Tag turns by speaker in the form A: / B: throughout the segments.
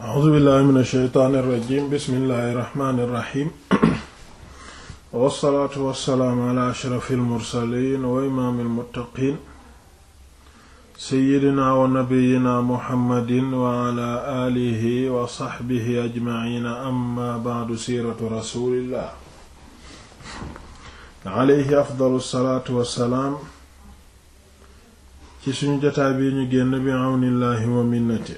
A: a'uuzu billahi min asheytaani irrajim bismillahi irrahmani irrahim wassalaatu wassalaamu ala ashrafi almursalin wa imaami almuttaqin seyidina wa nabiyina muhammadin wa ala aalihi wa saxbihi ajmaciina amma bacdu siiratu rasulillah alayhi afdalu salaatu wassalaam ci suñu jotaay bi ñu génn bi awnillahi wa minnati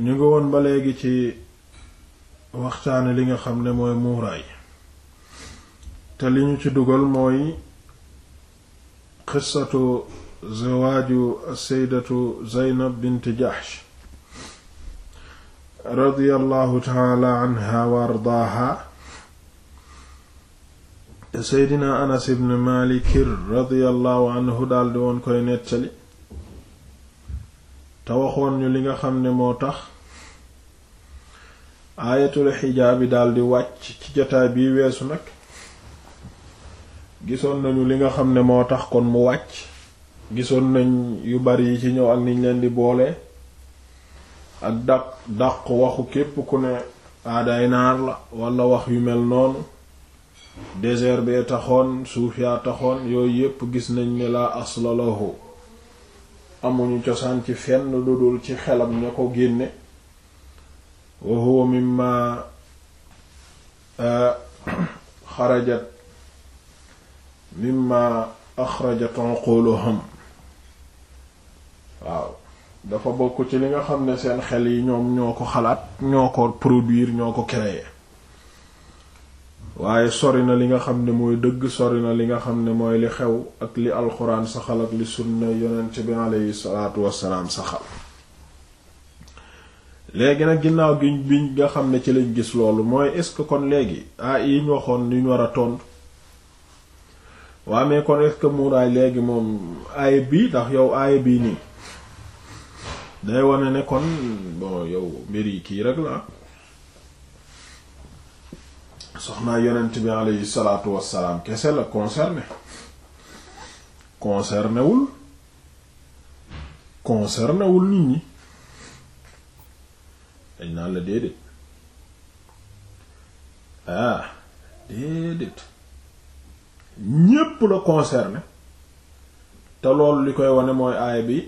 A: ñu ngi woon ba léegi ci waxtaane li nga xam ne mooy muuraay te li ñu ci dugal mooy qissatu zawaaju as-sayyidatu bint Jahsh radiyallahu taala anha wa ardaaha te seydina Anas ibn Maalik radiyallahu anhu daldi woon koy nettali te waxoon ñu li nga xam ne moo tax aayatul xijaab bi daldi wàcc ci jotaay bi weesu nag gisoon nañu li nga xam ne moo tax kon mu wàcc gisoon nañ yu bari yi ci ñëw ak niñ leen di boole ak daq dàq waxu képp ku ne aadaay naar la walla wax yu mel noonu désert bee taxoon suuf yaa taxoon yooyu yépp gis nañ ni laa asla lahu amuñu cosaan ci fenn lu dul ci xelam ña ko génne wa huwa mimma ah, xarajat mimma axrajat waaw dafa bokk ci li nga xam ne seen xel yi ñoom ñoo ko xalaat ñoo ko produire ñoo ko créer waaye sori na li nga xam ne mooy dëgg sori na li nga xam ne mooy li xew ak li alxuraan saxal ak li sunna yonent bi aleyhi salaatu wassalaam saxal léegi nag ginnaaw gi bi nga xam ne ci lañ gis loolu mooy est kon léegi ah yi ñu waxoon ñu war a tontu waa mais kon est muuraay léegi moom aaya bi ndax yow aay bii nii day wane ne kon bon yow mbir yi kii rek laa soxnaa yonent bi aleyhi salaatu wassalaam kese la concerné concerné wul concerné wul nit ñi dañ naan la déedéet ah déedéet ñépp la concerné te loolu li koy wane mooy aaya bi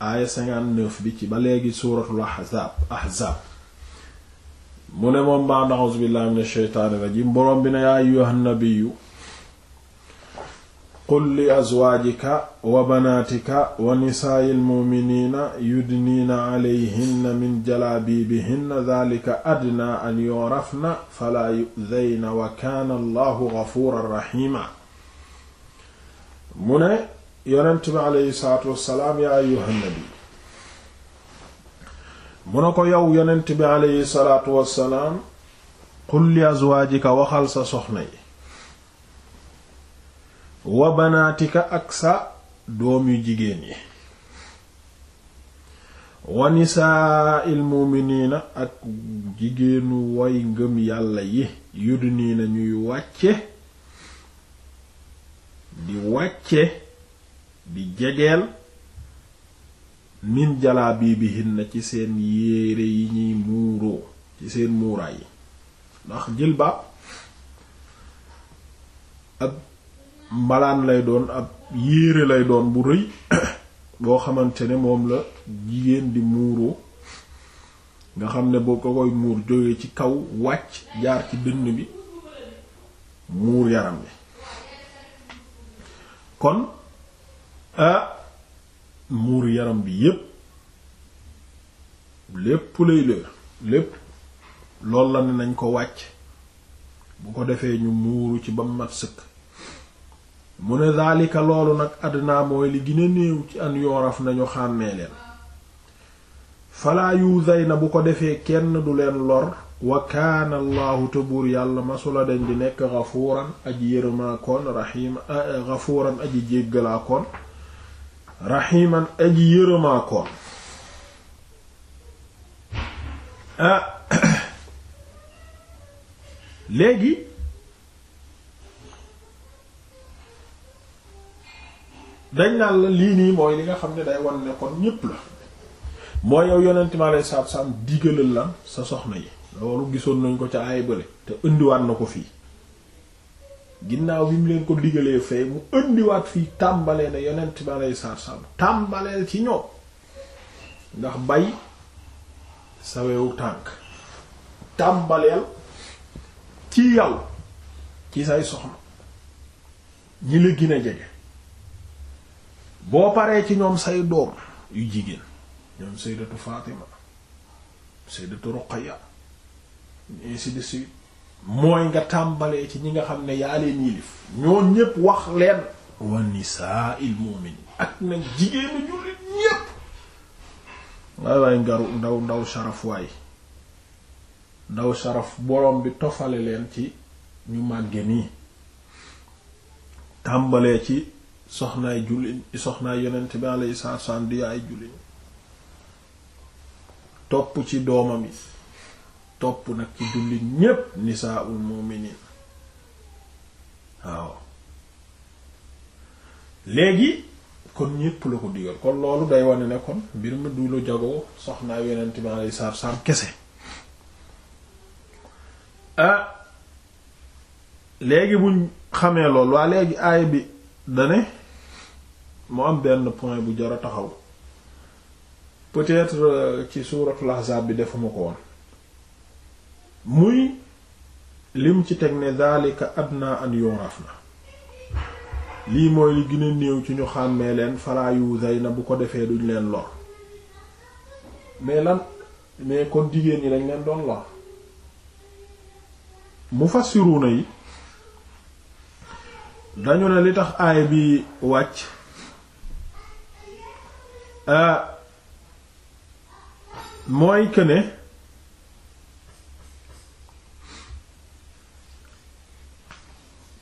A: aaya cinquante-neuf bi ci ba léegi suuratul ahzaab ahzaab mu ne moom baa na'uzu billahi min asheytaani rajim boroom bi ne yaa ayyuhan nabiyyu qul li azwaajika wa banaatika wa nisaa'il mu'miniina yudniina alayhinna min jalaabiibihinna dhaalika adnaa an yu'rafna falaa yu'dhayna wa kaana allahu ghafuuran rahiima mu ne yonent bi alayhi salaatu wassalaam yaa ayyuhan nabiyyu mu ne ko yow yenent bi aleyhi salaatu wassalaam qul li azwaajika waxal sa soxna yi wa ak sa doom yu jigéen yi wa nisaa il muuminiina ak jigéenu way ngëm yàlla yi yudniina ñuy wàcce di wàcce di jegeel min jalaabibihinna ci seen yére yi ñuy muuroo ci seen muuraay yi ndax jilbaab ab mbalaan lay doon ab yére lay doon bu rëy boo xamante ne moom la jigéen di muuroo nga xam ne boo ko koy muur jóge ci kaw wàcc jaar ci dënn bi muur yaram bi kon ah muur yaram bi yépp lépp lay leer lépp loolu la ne nañ ko wàcc bu ko defee ñu muuru ci bam mat sëkk mu ne daalika loolu nag àddina mooy li gën a néew ci an yooraf nañu xàmmee leen falaa yuusay na bu ko defee kenn du leen lor wa kaana allahu te buur yàlla masula den di nekk gafuuran aji yërëmaa raxiima gafuuran eh, aji jéggalaa raximan aji yërëmaa koon ah léegi dañ naan la lii nii mooy li nga xam ne day wan ne kon ñépp la mooy yow yonent mi alei saatu salaam digalal la sa soxna yi loolu gisoon nañ ko ca aay bële te indiwaat na ko fii ginnaaw bi mu leen ko digalee fee mu indiwaat fii tàmbalee na yonent ba lay saar-sam tàmbaleel ci ñoom ndax bay sawewu tànk tàmbaleel ci yow ci say soxna ñi la gën a jege boo paree ci ñoom say doom yu jigéen ñoom sayyidatu Fatima sayyidatu Ruqayya ainsi de suite mooy nga tàmbalee ci ñi nga xam ne yaa leen yilif ñoo ñépp wax leen wa nisaa il mu'min ak nag jigéenu jullit ñépp ngay waay ngaru ndaw ndaw sharaf waay ndaw sharaf borom bi tofale leen ci ñu màgge nii tàmbalee ci soxnaay jullit soxnaay yonent bi alayhi salaatu wassalaam di yaay topp ci doomam yi topp nag ci jullit ñépp nisaa'ul mu'minin waaw léegi kon ñépp la ko digal kon loolu day wane nekkoon kon mbir mi du lu jagoo soxnaa yeneen mi alei saatu salaam kese ah léegi buñ xamee loolu waa léegi aay bi dane mu am benn point bu jar a taxaw peut-être euh, ci suuratul ahzaab bi defuma ko woon muy lim ci teg ne daalika adna an yuraf na lii mooy li gën néew ci ñu xàmmee leen falaa yuzay na bu ko defee duñ leen lor mais lan mais kon jigéen ñi dañ leen doon lor mufassiruna yi dañu ne li tax aay bi wàcc ah, mooy que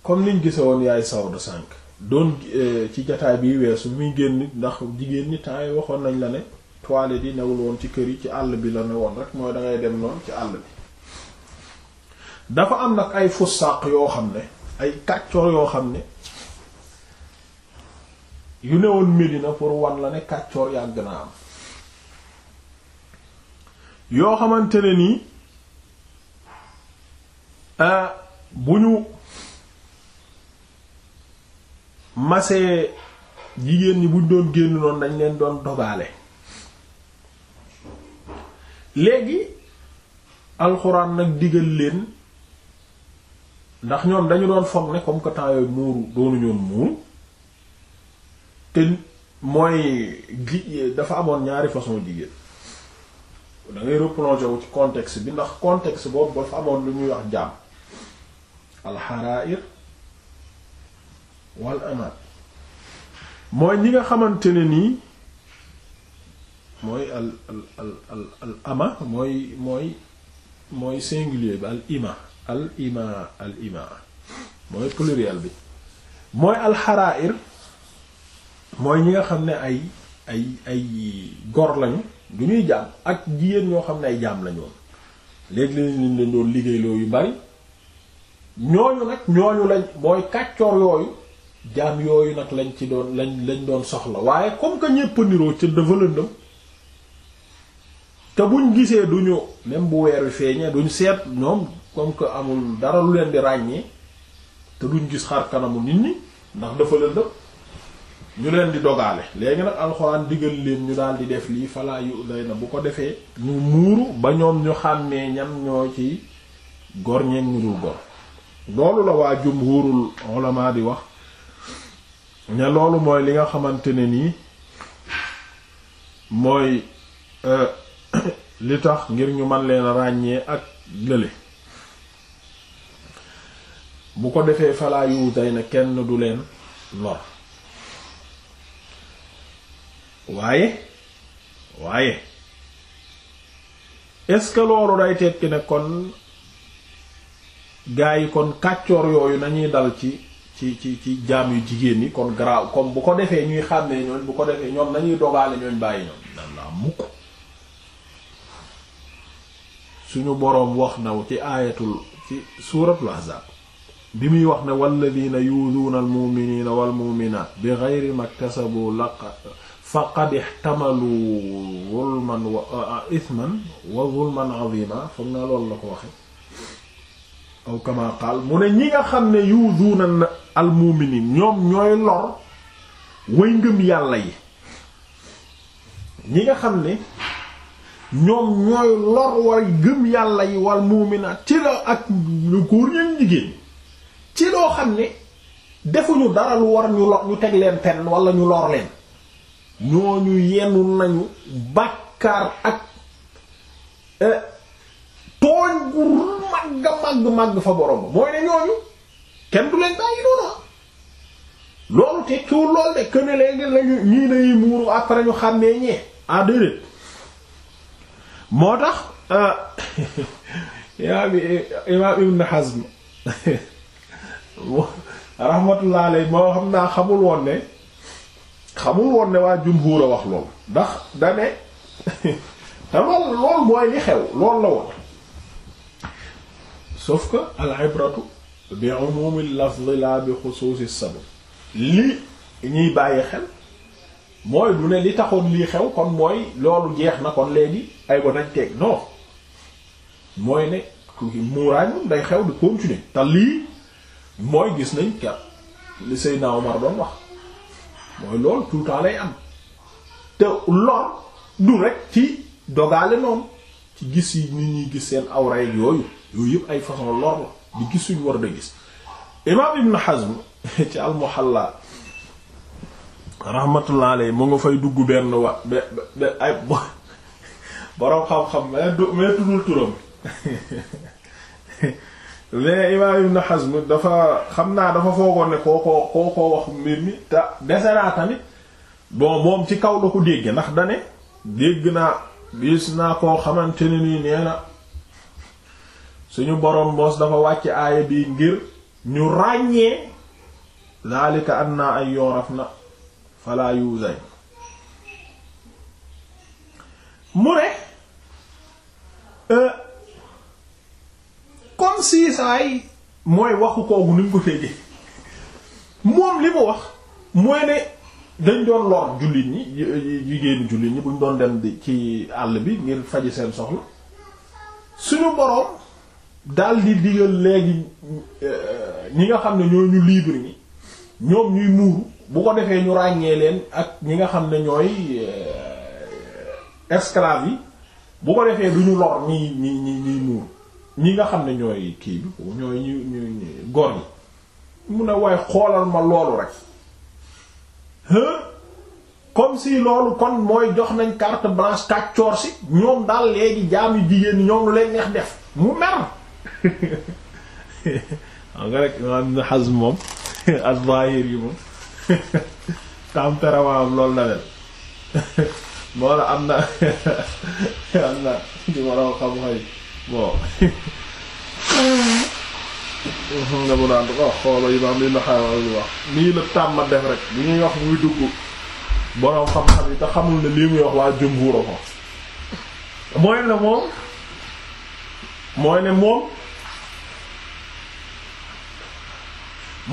A: comme niñ gise woon yaay sawdu cinq doon eh, ci jataay bi weesu muy génn ndax jigéen ñi temps yi waxoon nañ la ne toilette yi newul woon ci kër yi ci àll bi la ne woon rek mooy dangay dem noonu ci àll bi dafa am nag ay fussaq yoo xam ne ay kàccoor yoo xam ne yu ne woon Médina pour wan la ne kàccoor yàgg naa am yoo xamante ne nii eh, bu ñu masee jigéen ñi buñ doon génn noonu dañ leen doon dogaale léegi alxuraan nag digal leen ndax ñoom dañu doon foog ne comme que temps yooyu muuru doonu ñoon muuru te mooy gi dafa amoon ñaari façon jigéen da ngay replonger wu ci contexte bi ndax contexte boobu dafa amoon lu ñuy wax jaam alxarair wal amaat mooy ñi nga xamante ne nii mooy al al al al ama mooy mooy mooy singulier bi al ima al ima al ima mooy pluriel bi mooy alxarair mooy ñi nga xam ne ay ay ay gor lañu du ñuy jaam ak jigéen ñoo xam ne ay jaam lañu woon léegi lañ leen doon liggéeyloo yu bari ñooñu nag ñooñu lañ mooy kàccoor yooyu jaam yooyu nag lañ ci doon lañ lañ doon soxla waaye comme que ñépp niroo ca dafa lëndëm te buñ gisee duñu même bu weer wi feeñee duñ seet ñoom comme que amul dara lu leen di ràññee te duñ gis xar kanamu nit ñi ndax dafa lëndëm ñu leen di dogaale léegi nag alxuraan digal leen ñu daal di def lii falaa yu day na bu ko defee ñu muuru ba ñoom ñu xàmmee ñan ñoo ci gor ñeen ñu dul gor loolu la waa jumhurul ulama di wax ne loolu mooy li nga xamante ne nii mooy euh, li tax ngir ñu man leen ràññee ak lële bu ko defee falaa yu day na kenn du leen lor waaye waaye est-ce que loolu day tekki ne kon gaa yi kon kàccoor yooyu nañuy dal ci ci ci ci jaam yu jigéen ñi kon garaaw comme bu ko defee ñuy xàmmee ñooñ bu ko defee ñoom nañuy dogaale ñooñ bàyyi ñoom nan laa mukk suñu boroom wax naw ci aayatul ci suuratul ahzaab bi muy wax ne walladina yuuduuna almuminina walmuminaat bi geyri maktasabu laqa faqad ixtamalu zulman wa ithman wa zulman azima foog naa loolu la ko waxe aw kama qaal mu ne ñi nga xam ne yuuzuuna al mu'miniin ñoom ñooy lor way ngëm yàlla yi ñi nga xam ne ñoom ñooy lor way gëm yàlla yi wal mu'minaat ci la ak ñu góor ñeen jigéen ci loo xam ne defuñu dara lu war ñu lor ñu teg leen pen wala ñu lor leen ñooñu yenu nañu bàkkaar ak eh, tooñ gu màgg màgg màgg fa borom mooy ne ñooñu kenn du leen bàyyi noonu ah. loolu tekkiwul lool de que ne léegi lañu ñii nañuy muuru après ñu xàmmee ñee ah moo tax euh, imaam imaam na Hazm rahmatullah moo xam naa xamul woon ne xamul woon ne waa jumhuur a wax loolu ndax dane dama lool mooy li xew loolu la woon sauf que al ibratu bi umumil lafz la bi xusuusi sabab li ñuy bàyyi xel mooy du ne li taxoon lii xew kon mooy loolu jeex na kon léegi ay ba nañ teg non mooy ne muuraay moom day xew di continuer te lii mooy gis nañ kat li Seydina Omar doon wax mooy loolu tout am te lor du rek ci dogaale noonu ci gis yi nit ñuy gis seen awra yooyu yooyu yëpp ay façon lor la di gis suñu war da gis imam ibn Hazm ci al-Muhalla rahmatullah mu nga fay dugg benn wa be be ay boroom xam-xam mais du mais tuddul turam mais imaam ibn Hazm dafa xam naa dafa foogoon ne kookoo kookoo wax mbir mi te dese naa tamit bon moom ci kaw la ko dégg ndax dane dégg naa gis naa koo xamante ne nii nee suñu boroom boos dafa wàcc aaya bi ngir ñu ràññee daalika anna ay yooraf na fala yuzay mu ne euh, comme si mooy waxu koogu ni ko féete moom li mu wax mooy ne dañ doon lor jullit ñi jigéenu jullit ñi buñ doon dem di ci àll bi ngir faji seen soxla suñu boroom dal di digal léegi euh, ñi nga xam ne ñoo ñu libre ñi ñoom ñuy muuru bu ko defee ñu ràññee leen ak ñi nga xam ne ñooy euh, esclave yi bu ko defee du ñu lor ñi ñi ñi ñiy muuru ñi nga xam ne ñooy kii bi ko ñooy ñu ñu góor yi mu ne waaye xoolal ma loolu rek comme si loolu kon mooy jox nañ carte blanche kàccoor si ñoom daal léegi jaam yu jigéen ñoom lu leen neex def mu mer xam nga rek imam Ibn Hazm moom az-Zahiri yi moom tempérament loolu la mel moo la am na am na di xam-xam bon nga bu naan du ko wax xoola imam nii la tàmma def rek bu ñuy wax muy dugg boroom xam-xam yi te xamul ne lii muy wax waa jumhuur ko mooy ne moom mooy ne moom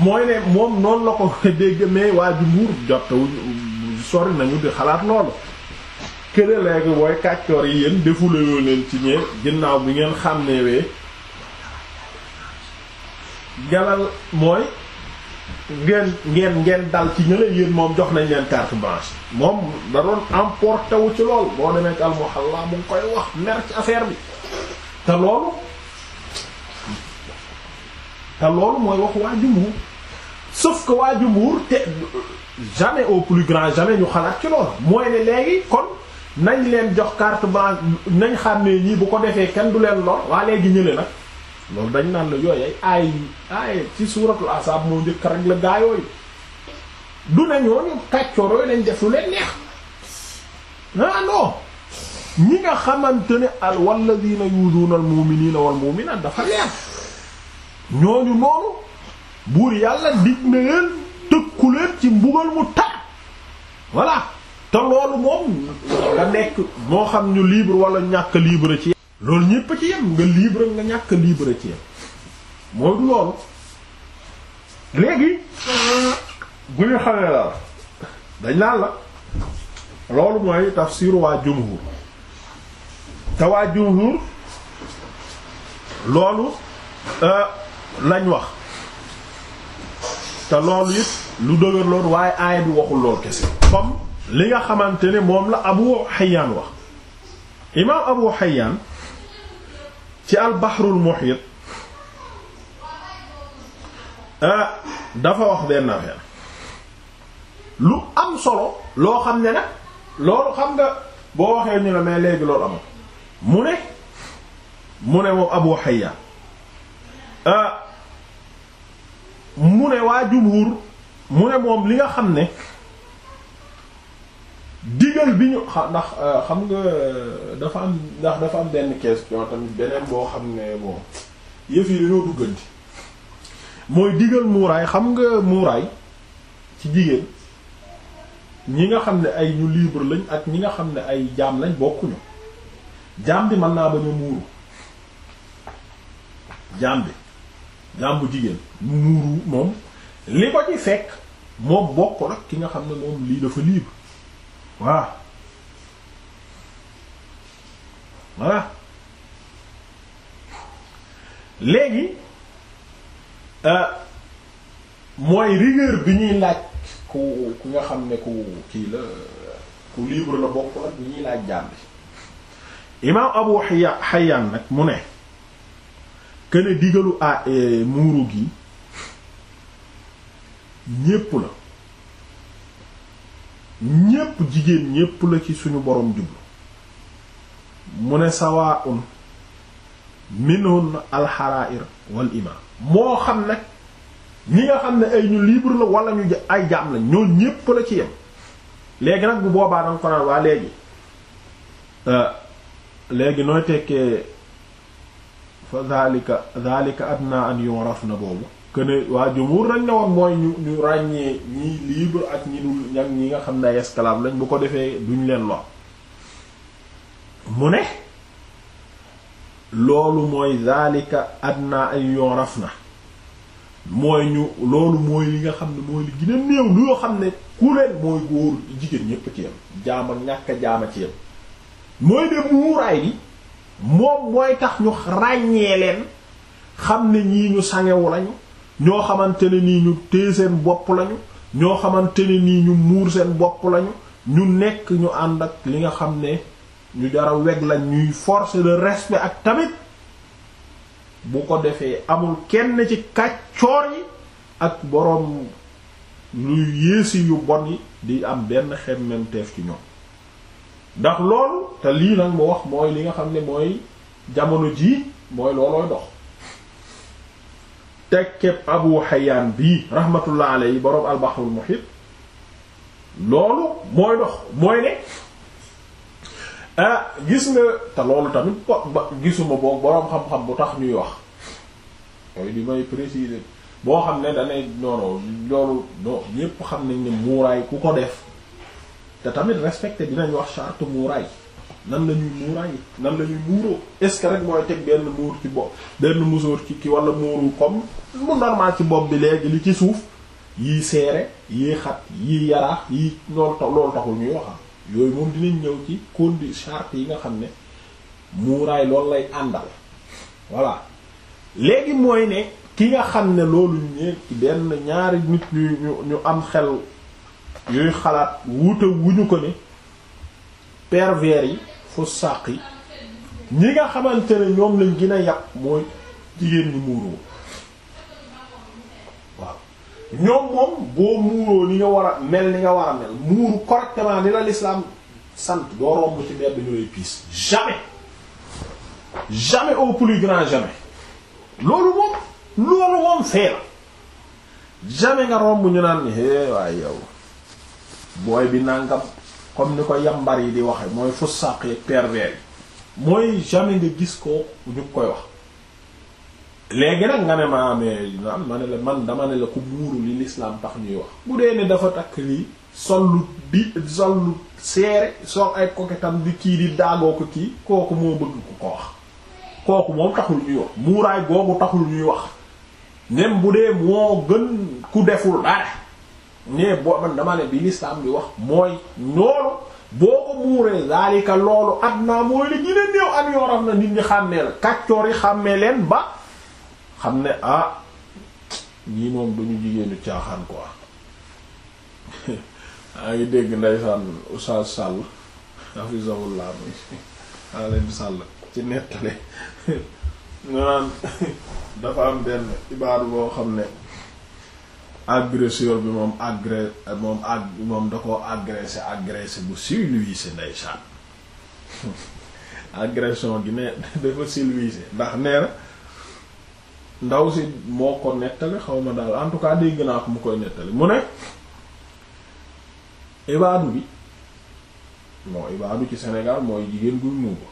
A: mooy ne moom noonu la ko dégg mais waa jumbuur jottawuñ sori nañu di xalaat loolu këre léegi booy kàccoor yi yéen defulayoo leen ci ñee ginnaaw bi ngeen xàmneewee galal mooy ngeen ngeen dal ci ñële yéen moom jox nañ leen carte blanche moom da doon emporté ci lool boo demee ak almuhalla mu ngi koy wax mer ci affaire bi te loolu te loolu mooy wax waa jumbuur sauf que waa jumbuur te jamais au plus grand jamais ñu xalaat ci loolu mooy ne léegi kon nañ leen jox carte blanche nañ xam ne ñii bu ko defee kenn du leen lor waa léegi ñële nag loolu dañ naan la yooyu ay ay ci suuratul asaab moo njëkk rek la gaa yooyu du ne ñooñu kàccoor yooyu lañ def lu leen neex ah non ñi nga xamante ne al walladina yuduuna al mu'minina wal mu'minat dafa leer ñooñu noonu. buur yàlla dig na leen tëkku leen ci mbugal mu tar voilà te loolu moom nga nekk moo xam ñu libre wala ñàkk libre ci loolu ñépp ci yem nga libre nga ñàkk libre ci yem mooy du loolu léegi bu ñu xamee la dañ naan la loolu mooy tafsir waa jumhur te waa jumhur loolu euh, lañ wax te lool it lu dëgër lool waaye aaya bi waxul lool kese comme li nga xamante ne moom la Abu Hayyan wax imaam Abu Hayyan ci al-Bahrul Muhit euh, dafa wax benn affaire lu am solo loo xam ne nag loolu xam nga boo waxee ñu la mais léegi loolu amul mu ne mu ne moom Abu Hayyan euh, mu ne waa jumhur mu ne moom li nga xam ne digal bi ñu ndax euh, xam nga dafa am ndax dafa am benn question tamit beneen boo xam ne bon yëf yi dugganti mooy digal muuraay xam nga muuraay ci jigéen ñi nga xam ne ay ñu libre lañ ak ñi nga xam ne ay jaam lañ bokkuñu jaam bi mën naa bañ a muuru jaam bi jaam jigéen mu muuru moom li ko ci fekk moom bokk nag ki nga xam ne moom lii dafa libre waa voilà léegi euh, mooy rigueur bi ñuy laaj ku ku nga xam ne ku kii la ku libre la bokk nag bi ñuy laaj jaam imaam Abu Hayyan nag mu ne këne digalu a muuru gi ñépp la ñépp jigéen ñépp la ci suñu boroom jublu mu ne sawaa un minhun alxarair wal imaam moo xam ne ñi nga xam ne ay ñu libre la walla ñu ay jaam la ñoo ñépp la ci yem léegi nag bu boobaa danga ko naan waa léegi euh, léegi nooy tekkee fa zalika zalika adna an yurafna boobu kuene waa jumhur dañ ne woon mooy ñu ñu ràññee ñi libre ak ñi dul ñag ñi nga xam ne ay lañ bu ko defee duñ leen lor mu ne loolu mooy zalika adna an yurafna mooy ñu loolu mooy li nga xam ne mooy li gën néew lu yoo xam ne ku leen mooy góor jigéen ñépp ci yam jaam ak ñàkk jaama ci yam mooy de muuraay bi moom mooy tax ñu ràññee leen xam ne ñii ñu sangewu lañu ñoo xamante ne nii ñu téye seen bopp lañu ñoo xamante ne nii ñu muur seen bopp lañu ñu nekk ñu ànd ak li nga xam ne ñu jara weg lañ ñuy force de respect ak tamit bu ko defee amul kenn ci kàccoor yi ak boroom luy yéesi yu bon yi di am benn xemmemteef ci ñoom ndax loolu te lii nag mu wax mooy li nga xam ne mooy jamono jii mooy loolooy dox tekkeb Abu Hayyan bii rahmatullah alayhi boroom al-Bahrul loolu mooy dox mooy ne ah gis nga te loolu tamit ba gisuma boog boroom xam-xam bu tax ñuy wax mooy li may préciser boo xam ne danay non non loolu non ñépp xam nañ ne muuraay ku ko def te tamit respecté dinañ wax charte muuraay nan la ñuy muuraay nan la ñuy muuroo est-ce que rek mooy teg benn muur ci bopp benn musóor ci ki wala muuru comme mu normal ci bopp bi léegi li ci suuf yii seere yii xat yii yaraax yii loolu tax taxul ñuy waxam yooyu moom dinañ ñëw ci condi charte yi nga xam ne muuraay loolu lay àndal voilà léegi mooy ne ki nga xam ne loolu ñu nekk benn ñaari nit ñu ñu ñu am xel yooyu xalaat wuute wuñu ko ni pervers yi fusaaq yi ñi nga xamante ne ñoom lañ gën a yàpp mooy jigéen ñi muuroo waaw ñoom moom boo muuroo ni nga war a mel ni nga war a mel muuru correctement ni la l'islam sant doo romb ci mbedd ñu lay piis jamais jamais au plus grand jamais loolu moom loolu moom fee la jamais nga romb ñu naan ni hé waaye yow booy bi nangam comme ni ko yambar yi di waxe mooy fussaq ak pervers yi mooy jamais nga gis ko ñu koy wax léegi nag nga ne ma ah, amee man dama ne la ku buuru li l'islam tax ñuy wax bu dee ne dafa takk lii sollu bi sollu seere sol ay koketam bi kii di daagoo ko kii kooku moo bëgg ku ko wax kooku moom taxul ñuy wax muuraay googu taxul ñuy wax même bu dee moo gën ku deful dara ne boo man dama ne bi lislaam bi wax mooy noonu boo ko muuree zalika loolu adna mooy li gën a néew am yoram na nit ñi xàmmee la yi xàmmee leen ba xam ne ah ñii moom duñu jigéenu caaxaan quoi maa ngi dégg ndeysaan Oustaz Sall hafizahullah aleen Sall ci nettale ñu naan dafa am benn ibaadu boo xam ne agresseur bi moom agré moom ag moom da ko agressé agressé bu silvissé ndeysaan agression gi ne dafa silvissé ndax nee na ndaw si moo ko nettali xaw ma daal en tout cas dégg naa mu koy nettali mu ne ibaadu bi moo ibaadu ci Sénégal mooy jigéen guy muuma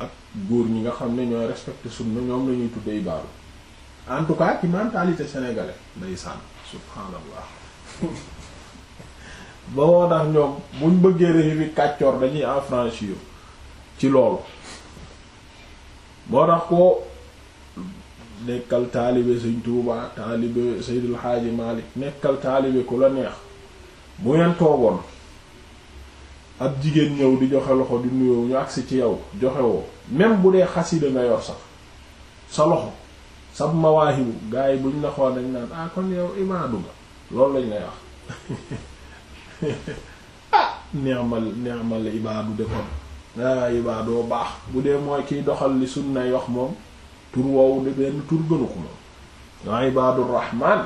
A: ak góor ñi nga xam ne ñooy respecté sunna ñoom la ñuy tudde ibaadu en tout cas ci mentalité sénégalaise ndeysaan subhaanallah ba moo tax ñoom buñ bëggee réew yi kàccoor dañuy en affranchir ci loolu moo tax ko nekkal taalibe Sëñ Tuubaa taalibe Seydil Xaaji Maalik nekkal taalibe ku la neex bu ngeen toogoon ab jigéen ñëw di joxe loxo di nuyoo ñu agsi ci yow joxe woo bu dee xasida nga yor sax sa loxo sab mawaahibu gars yi buñ la xool dañ naan ah kon yow ibaadu nga loolu lañ lay wax ah neexmal ibaadu de kon ah ibaadoo baax bu dee mooy kiy doxal li sunnay wax moom tur woowu de benn tur gënu ko moom waa ah, ibaadu rahmaan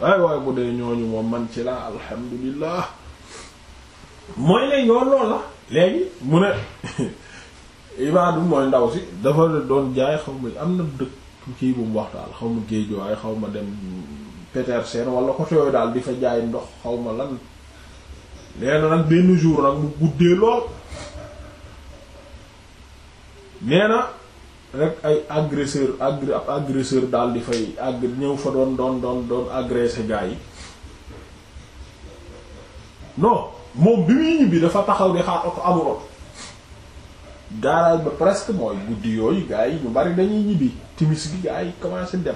A: waaye waaye bu dee ñooñu moom man ci laa alhamdulillah mooy ne yoon lool la léegi mu ne ibaadu mooy ndaw si dafa doon jaay xaw ma am na dëkk kii bu mu wax daal xaw ma géejuwaay xaw ma dem Petersen wala côté yooyu daal di fa jaay ndox xaw ma lan nee na nag benn jour nag mu guddee lool nee na rek ay agresseur agri ab agresseur daal di fay agg ñëw fa doon doon doon doon agressé gars yi non moom bi muy ñibbi dafa taxaw di xaar oto amul oto garage ba presque mooy guddi yooyu gars yi bari dañuy ñibbi timis gi gars yi commencé dem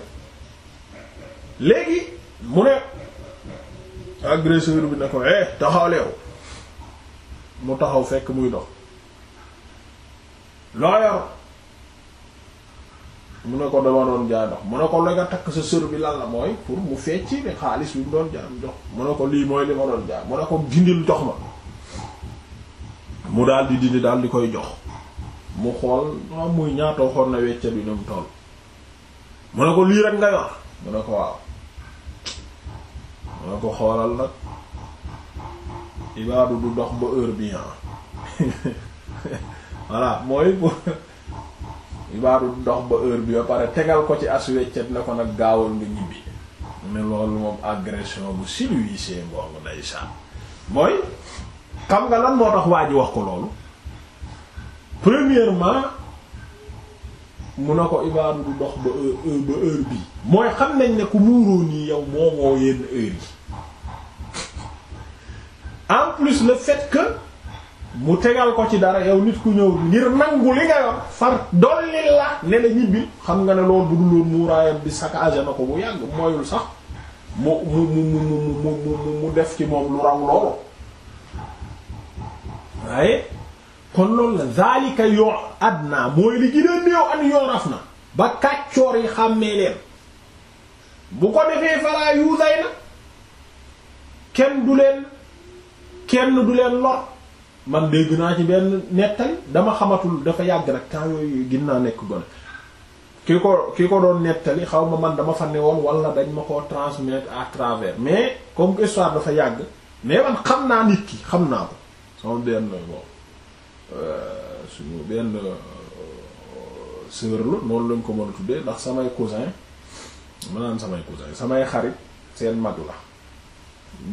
A: léegi mu ne agresseur bi ne ko eh taxaw mu taxaw fekk muy dox loo yor mu ne ko dama doon jaay dox mu ne ko la nga takk sa sër bi lan la mooy pour mu fecci ne xaalis bi mu doon jaay mu jox mu ne ko lii mooy li ma doon jaay mu ne ko dindil jox ma mu daal di dindi daal di koy jox mu xool moom ah, muy ñaata waxoon na weccat bi ni mu toll mu ne ko lii rek nga yor mu ne ko waaw mu ne ko xoolal nag ibaadu du dox ba heure bi ah. voilà mooy ibaadu du dox ba heure bi ba pare tegal ko ci as weccat ne ko nag gaawal nga ñibbi ne loolu moom agression bu siluisee ngoongu nday saan mooy xam nga lan moo tax waa ji wax ko loolu premièrement mu na ko ibaadu du ndox ba heure ba bii mooy xam nañ ne ku muuroo nii yow moomoo yenn heure yi en plus le fait que mu tegal ko ci dara yow nit ku ñëw ngir nangu li nga yor far dolli la ne la ñibbi xam nga ne loolu bu dul woon muuraayam bi saccagé na ko bu yàgg mooyul sax mu mu mu mu mu mu def ci moom lu raw loolu waaye kon loolu la zalika yoo adna mooy li gën a néew an yoraf na ba kàccoor yi xàmmee leen bu ko defee falaa yuusay na kenn du leen kenn du leen lor man dégg naa ci benn nettali dama xamatul dafa yàgg nag temps yooyu naa nekk gone ki ko ki ko doon nettali xaw ma man dama fa ne woon wala dañ ma ko transmettre à travers mais comme que dafa yàgg mais man xam naa nit ki xam naa ko sama benn boobu Euh, suñu benn euh, sœur noonu lañ ko mën a tuddee ndax samay cousin maanaam samay cousin samay xarit seen mag la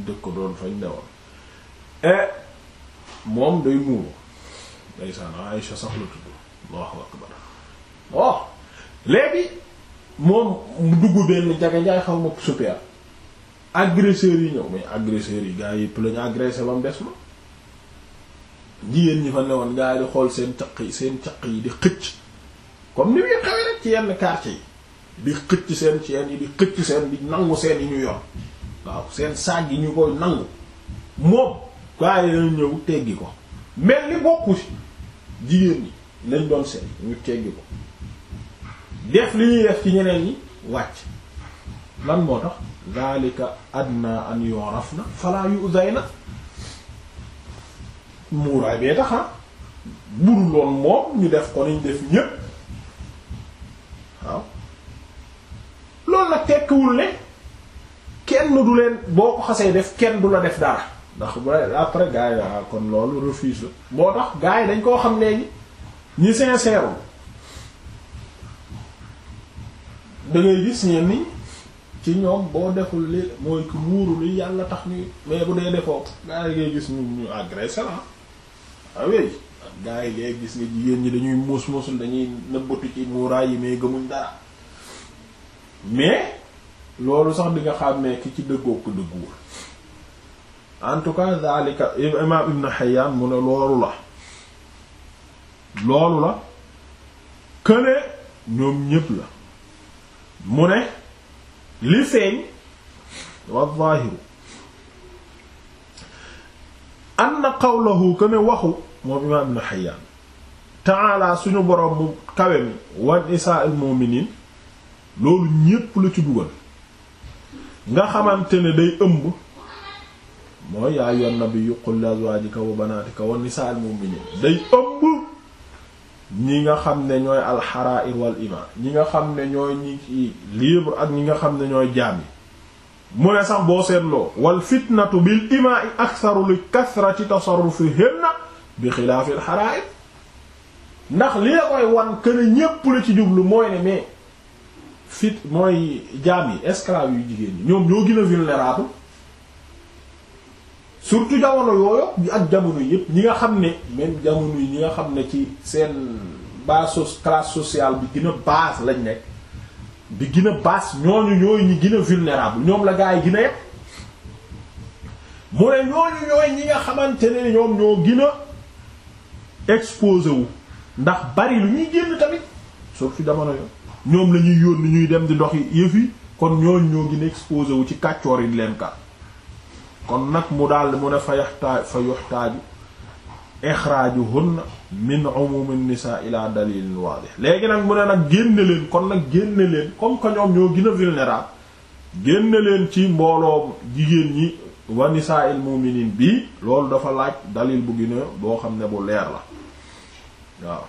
A: dëkk ko doon fañ ne woon eh, moom day muuru ndeysaan Aïcha sax la tudd Allahu akbar oh léegi moom mu dugg benn jaga njaay xaw ma super agresseurs yi ñëw mais agresseurs yi gars yi yëpp lañu agressé ba mu des jigéen ñi fa newoon gaa yi di xool seen caq yi seen caq yi di xëcc comme ni muy xawee rek ci yenn quartier yi di xëcc seen ceen yi di xëcc seen di nangu seen yi ñu yor waaw seen saag yi ñu koy nangu moom gaa yi dañu ñëw teggi ko mel ni bokku ci jigéen ñi lañ doon seen ñu teggi ko def li ñuy def ci ñeneen yi wàcc lan moo tax daalika adna an yurafna fala na muuraay bee tax ah. budul woon moom ñu def ko niñ def ñëpp waaw loolu nag tekkiwul ne kenn du leen boo ko xasee def kenn du la def dara ndax bu après gars yi ah, kon loolu refuse la boo tax gars dañ koo xam léegi ñi sincère da ngay gis ñeen ni ci ñoom boo deful li mooy ku muuru yàlla tax ñuy mais bu dee defoo gars yi ngay gis ñu ñu agressé awey ah gars yi léegi gis nga jigéen ñi dañuy muus muusul dañuy nëbbatu ci muuraay yi mais gëmuñ dara mais loolu sax di nga xam ne ki ci dëggoo ko dëgguwul en tout cas daalika imaam Ibn Hayyan mu ne loolu la loolu la këne ñoom ñépp la mu ne li feeñ wa zaahiru anna qawluhu këne waxu moom imaam Ibn Hayyan ta'ala suñu borom mu kawe mi wan al mu'minin loolu ñépp la ci dugal nga xamante ne day ëmb mooy yaa ayyuhan nabiyyu qul li azwaajika wa banaatika wa nisaa al mu'minin day ëmb ñi nga xam ne ñooy alxarair wal ima ñi nga xam ne ñooy ñi libre ak ñi nga xam ne ñooy jaam yi mu ne sax boo seetloo wal fitnatu bil imaa'i aktharu li kasrati tasarrufihinna bi xilaafil xaraayit ndax li la koy wan kër ñépp la ci jublu mooy ne mais fit mooy jaam yi esclave yu jigéen ñi ñoom ñoo gën a vulnérable surtout jamono yooyu ak jamono yëpp ñi nga xam ne même jamono yi ñi nga xam ne ci seen base classe sociale bi gën a lañ nekk bi gën a basse ñooñu ñooy ñi gën a ñoom la gaa yi gën yépp mu ne ñooñu ñooy ñi nga xamante ne ñoom ñoo gën exposé wu ndax bari lu ñuy génn tamit soo fi jamono ñoom lañuy ñuy yónni ñuy dem di doxi yëf yi kon ñooñ ñoo gën exposé wu ci kàccoor yi di leen kat kon nag mu daal mu ne fa yaxtaa fa yuxtaaju ixraajuhunna min umum an-nisaa ila dalil waadih léegi nag mu ne nag génne leen kon nag génne leen comme que ñoom ñoo gën a vulnérable génne leen ci mbooloo jigéen ñi wa nisaa il mu'minin bii loolu dafa laaj dalil bu gën boo xam ne bu leer la waaw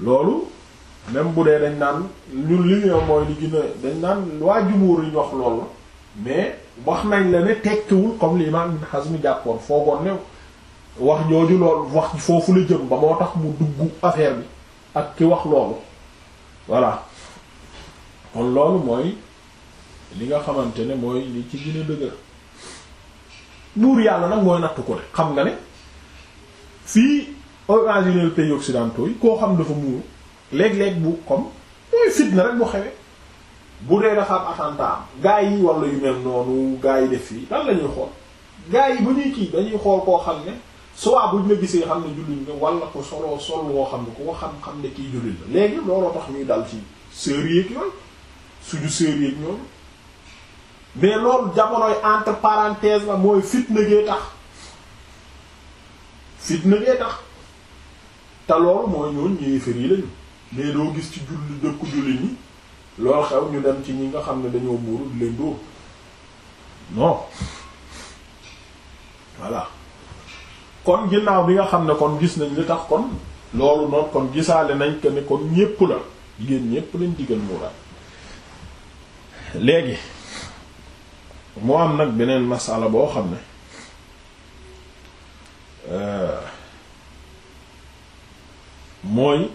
A: loolu même bu dee dañ naan ñun li ñu mooy li gën dañ naan waa jumóor yi wax loolu mais wax nañ la ne tekkiwul comme li imam Ibn Hazm jàppoon foogoon ne wax jooju loolu wax foofu la jëm ba moo tax mu dugg affaire bi ak ki wax loolu voilà kon loolu mooy li nga xamante ne mooy li ci gën a dëgër buur yàlla nag mooy nattu ko de xam nga ne fii originaire pays occidentaux yi koo xam dafa muuru léeg-léeg bu comme mooy fitna rek bu xewee bu dee dafa am attentat am gaa yi wala yu mel noonu gaa yi def fii lan la ñuy xool gaa yi bu ñuy kii dañuy xool koo xam ne soit buñ la gisee xam ne jullit nga wala ko soloo sol woo xam ne ko xam ne kii jullit la léegi looloo tax ñuy dal ci sœurs yeeg yooyu suñu sœurs yeeg ñoom mais loolu jamonoy entre parenthèses la mooy fitna gee tax fitna gee tax te loolu mooy ñoon yéefar yi lañu mais doo gis ci julli dëkku julli ñi lool xew ñu dem ci ñi nga xam ne dañoo muuru di leen dóor non voilà kon ginnaaw bi nga xam ne kon gis nañ li tax kon loolu noonu kon gisaale nañ que ne kon ñépp la jigéen ñépp lañ digal muuraay léegi moo am nag beneen masala boo xam ne euh, mooy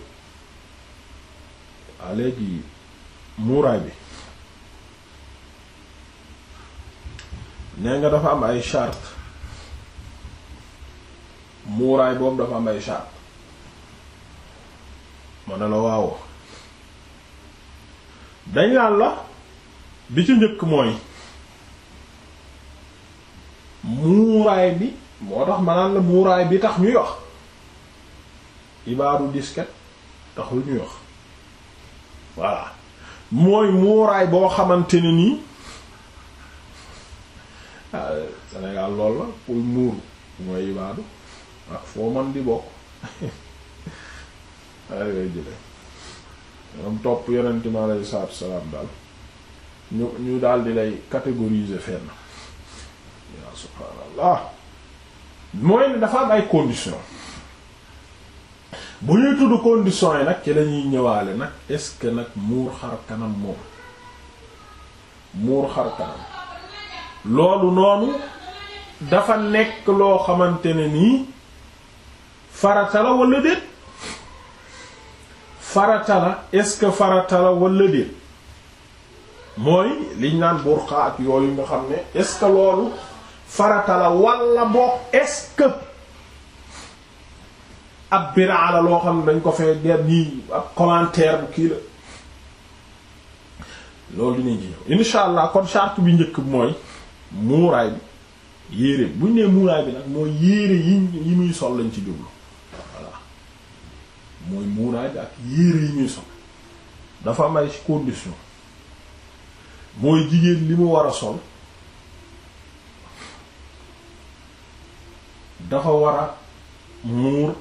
A: waa léegi muuraay bi nee nga dafa am ay charte muuraay boobu dafa am ay charte ma ne la waawoo dañ naan la bi ci njëkk mooy muuraay bi moo tax ma naan la muuraay bi tax ñuy wax xibaaru disket taxul ñuy wax voilà mooy muuraay boo xamante ne nii ah, Sénégal lool la pour muur mooy ibaadu ak foo man di bokk waaye ngay jële moom topp yonent mi aleyhi salaatu salaam daal ñu ñu daal di lay catégoriser fenn yaa subhaanallah mooy ne dafa am ay conditions bu ñuy tudd conditions yi nag ci lañuy ñëwaale nag est-ce que nag muur xar kanam moom muur xar loolu noonu dafa nekk loo xamante ne nii farata walla déet farata la est-ce que farata la walla déet mooy liñ naan burqa ak yooyu nga xam ne est-ce que loolu farata walla boo est ab biraa loo xam ne dañ ko fee der nii ab commentaire bu kii la loolu dinañ ci ñëw insha allah kon charte bi njëkk bi mooy muuraay bi yére bi buñ nee muuraay bi nag mooy yére yi muy sol lañ ci jublu voilà mooy muuraay bi ak dafa am condition mooy jigéen li mu war a sol dafa war a muur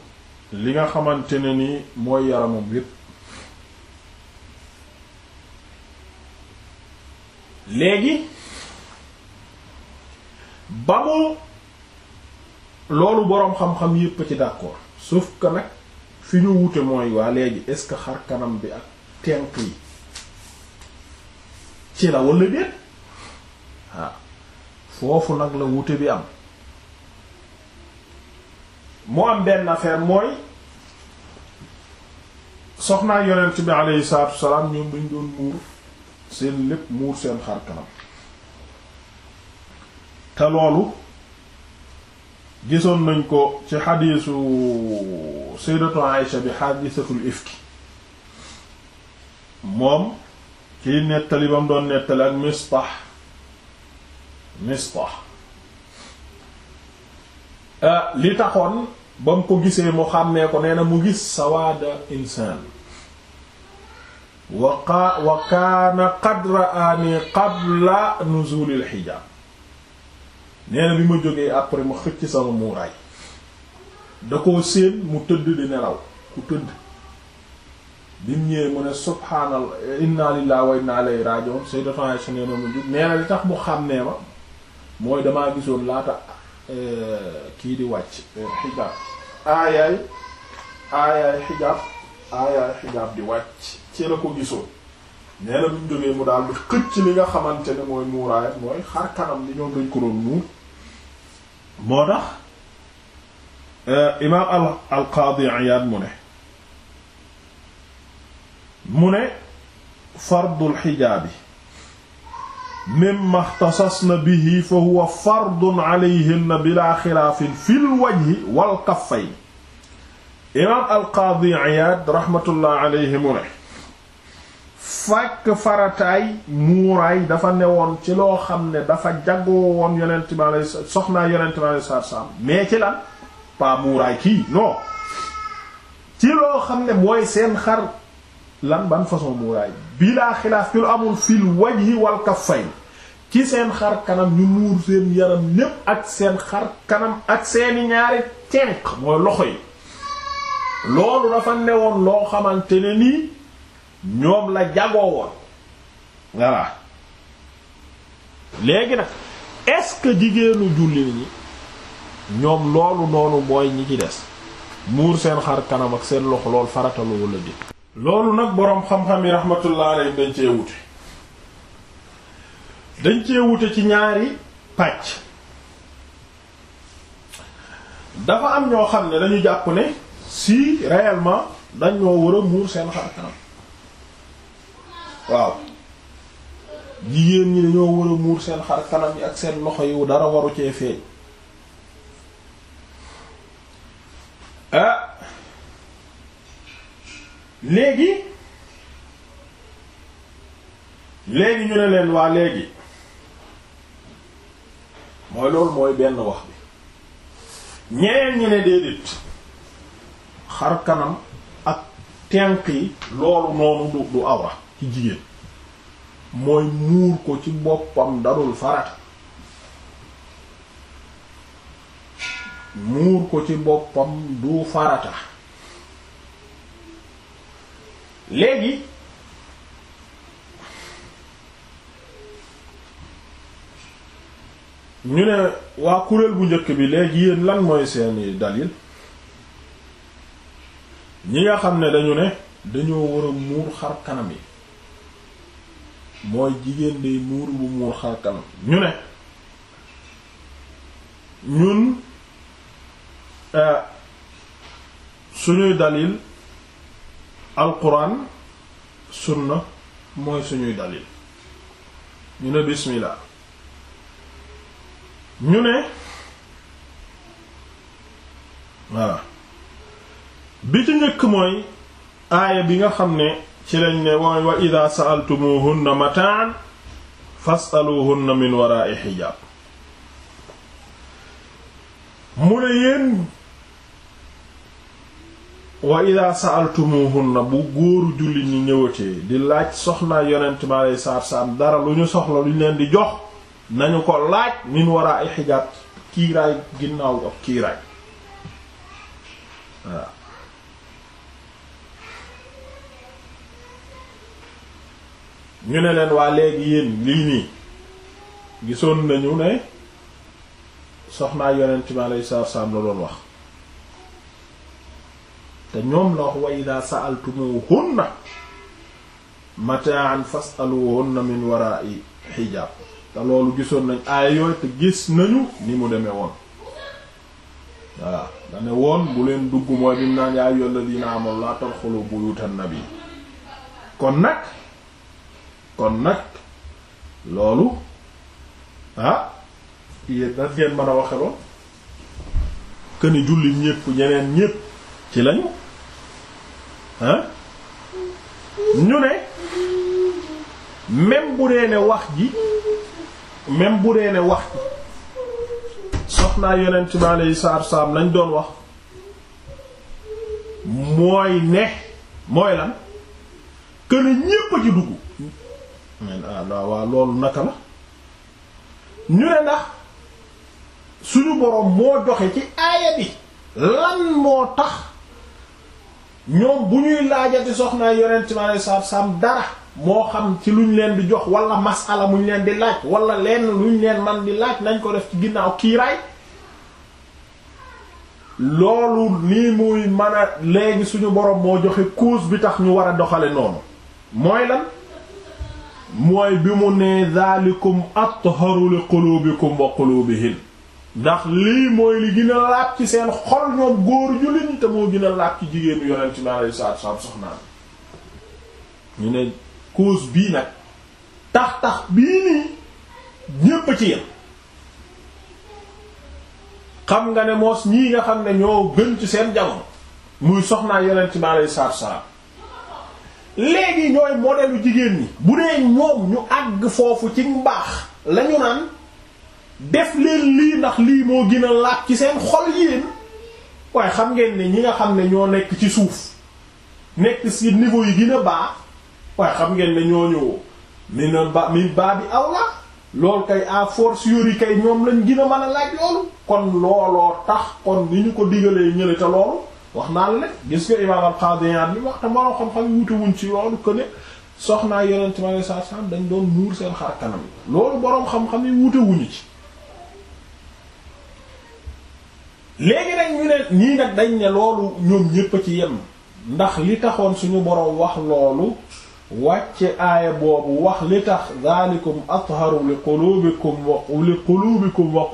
A: li nga xamante ne ni mooy yaramam yépp léegi ba mu loolu boroom xam-xam yépp ci d'accord sauf que nag fi ñu wuute mooy waa léegi est-ce que xar kanam bi ak tenq yi ci la walla déet waaw foofu nag la wuute bi am mu am benn affaire mooy soxnaa yonent bi alayhi salaatu wasalaam ñoom dañ doon muur seen lépp muur seen xar kanam te loolu gisoon nañ ko ci xadiisu sayyidatu Aïsha bi xadiisatul ifki moom kiy nettali ba mu doon nettali ak Mistah Mistah ah, li taxoon ba mu ko gisee mu xàmmee ko nee na mu gis sawaada insaan wa qa wa kaana qad ra'aani qabla nuzulil xijaab nee na bi ma jógee après ma xëcc sama muuraay da koo séen mu tëdd di nelaw ku tëdd bi mu ñëwee mu ne subhaanallah inna lillahi wa inna ilayhi raaji'uun sayyidatu Aisha nee na mu jóg nee li tax mu xàmmee ma mooy damaa gisoon laata eh, kii di wàcc eh, xijaab aayaay aayaay xijaab aayaay xijaab di wàcc ci la ko gisoo nee na bu mu daal di xëcc li nga xamante ne mooy muuraay mooy xar kanam li ñoom dañ ko doon eh, imaam al qaadi Iyaad mu ne mu ne mimma xtasasna bihi fa huwa fardun alayhinna bilaa xilaafin fil wajhi wal kaffayn imaam alqaadi Iyaad rahmatullah alayhi ne fàkk farataay muuraay dafa newoon ci loo xam ne dafa jagoo woon yonent bi soxnaa yonent bi alay salaam mais ci lan pas muuraay kii non ci loo xam ne mooy seen xar lan ban façon muuraay bilaa xilaaf ci lu amul fil wajhi wal kaffayn ci seen xar kanam ñu muur seen yaram lépp ak seen xar kanam ak seeni ñaari tenq mooy loxo yi loolu dafa newoon loo xamante ne nii ñoom la jagoo woon voilà léegi nag est-ce que jigéenu jullit ñi ñoom loolu noonu mooy ñi ci des muur seen xar kanam ak seen loxo lool farata la wala loolu nag boroom xam-xam yi rahmatullah alayhi dañ cee wuti dañ cee wute ci ñaari pàcc dafa am ñoo xam ne dañu jàpp ne si réellement dañoo war a muur seen xar kanam waaw jigéen ñi dañoo war muur seen xar yi ak seen loxo yi dara waru cee feeñ ah léegi léegi ñu ne leen waa léegi mooy loolu mooy benn wax bi ñeneen ñi ne déedéet xar kanam ak tenq yi loolu noonu du du awra ci jigéen mooy muur ko ci boppam darul farata muur ko ci boppam du farata léegi ñu ne waa kuréel bu njëkk bi léegi yéen lan mooy seeni dalil ñi nga xam ne dañu ne dañoo war a muur xar kanam yi mooy jigéen day muur bu muur xar kanam ñu ne ñun euh, suñuy dalil alquran sunna mooy suñuy dalil ñu ne bismillah ñu ne voilà bi njëkk mooy aaya bi nga xam ne ci lañ ne mooy wa ida sa'altumuhunna mataan fas'aluhunna min wara'i hijab mu ne yéen wa ida sa'altumuhunna bu góoru julli ñi ñëwatee di laaj soxnaa yonent bi aleyhi salaatu wa dara lu ñu soxla lu leen di jox nañu ko laaj min war a ay xijaab kiiraay ginnaaw ak kiiraay waaw ñu ne leen waa léegi yéen lii nii gisoon nañu ne soxnaa yonent bi alayhi salaatu salaam la doon wax te ñoom la wax wa idaa sa'altumuhunna mataa'an fas'aluhunna min wara'i hijaab loolu gisoon nañ aaya yooyu te gis nañu ni mu demee woon voilà da woon bu leen dugg mooy bi mu naan yaa ayyuhal ladiina aamanu laa tadxulu buyuutan nabi kon nag kon nag loolu ah yéen nan ngeen mën a waxe lool que ñépp ñeneen ñépp ci lañu ah ñu ne même bu dee ne wax ji même bu dee ne wax soxnaa yonent bi alayhi salaatu wasalaam lañ doon wax mooy ne mooy lan këne ñépp a ci dugg men ah waaw loolu naka la ñu ne ndax suñu boroom moo joxe ci aaya bi lan moo tax ñoom bu ñuy laajati soxnaa yonent bi alayhi salaatu wasalaam dara moo xam ci luñ leen di jox wala masala muñ leen di laaj wala lenn luñ leen man di laaj nañ ko def ci ginnaaw kiiraay loolu nii muy mën a léegi suñu borom moo joxe cause bi tax ñu war a doxale noonu mooy lan mooy bi mu nee dhalikum atharu li qulubikum wa qulubihin ndax lii mooy li gën laab ci seen xol ñoom góor ñu liñ te moo gën laab ci jigéenu yonent bi alayhi salaatu wa salaam soxnaan ñu ne cause bii nag tax tax bii nii ñépp ci yam xam nga ne moos ñii nga xam ne ñoo gën ci seen jamono muy soxnaa yonent bi aleyhi salaatu salaam léegi ñooy modelu jigéen ñi bu dee ñoom ñu àgg foofu ci baax lañu naan def leen lii ndax lii moo gën a laat ci seen xol yéen waaye xam ngeen ni ñi nga xam ne ñoo nekk ci suuf nekk ci niveau yi gën a baax waaye xam ngeen ne ñooñu mi na ba mi baa bi aw la loolu kay à force yori kay ñoom lañ gën a mën a laaj loolu kon looloo tax kon ni ñu ko digalee ñële te loolu wax naa la ne gis nga imaam al-Qadi Iyad li wax te maroo xam-xam ci loolu que soxnaa yonent mi alayhi dañ doon muur seen xar yi loolu boroom xam-xam yi wuute wuñu ci léegi nag ñu ne ñii nag dañ ne loolu ñoom ñépp ci yem ndax li taxoon suñu boroom wax loolu wàcce aaya boobu wax li tax daalikum atharu li qulubikum wa li qulubikum wa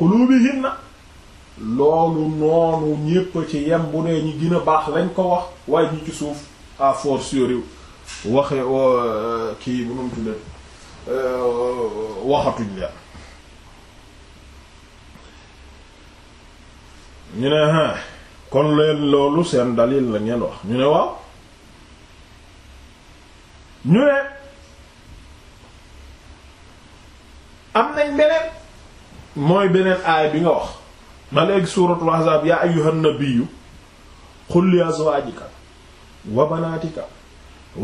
A: loolu noonu ñépp ci yem bu dee ñi gën a baax lañ ko wax waaye ñu ci suuf à force yoriw waxe euh, kii bu numtu leen euh, waxatuñ leen ñu ne ha kon leen loolu seen dalil la ngeen wax ñu ne waaw ñu ne am nañ beneen mooy beneen aaya bi nga wax ba léegi suuratul ahzaab yaa ayyuhan nabiyyu qul azwaajika wa banaatika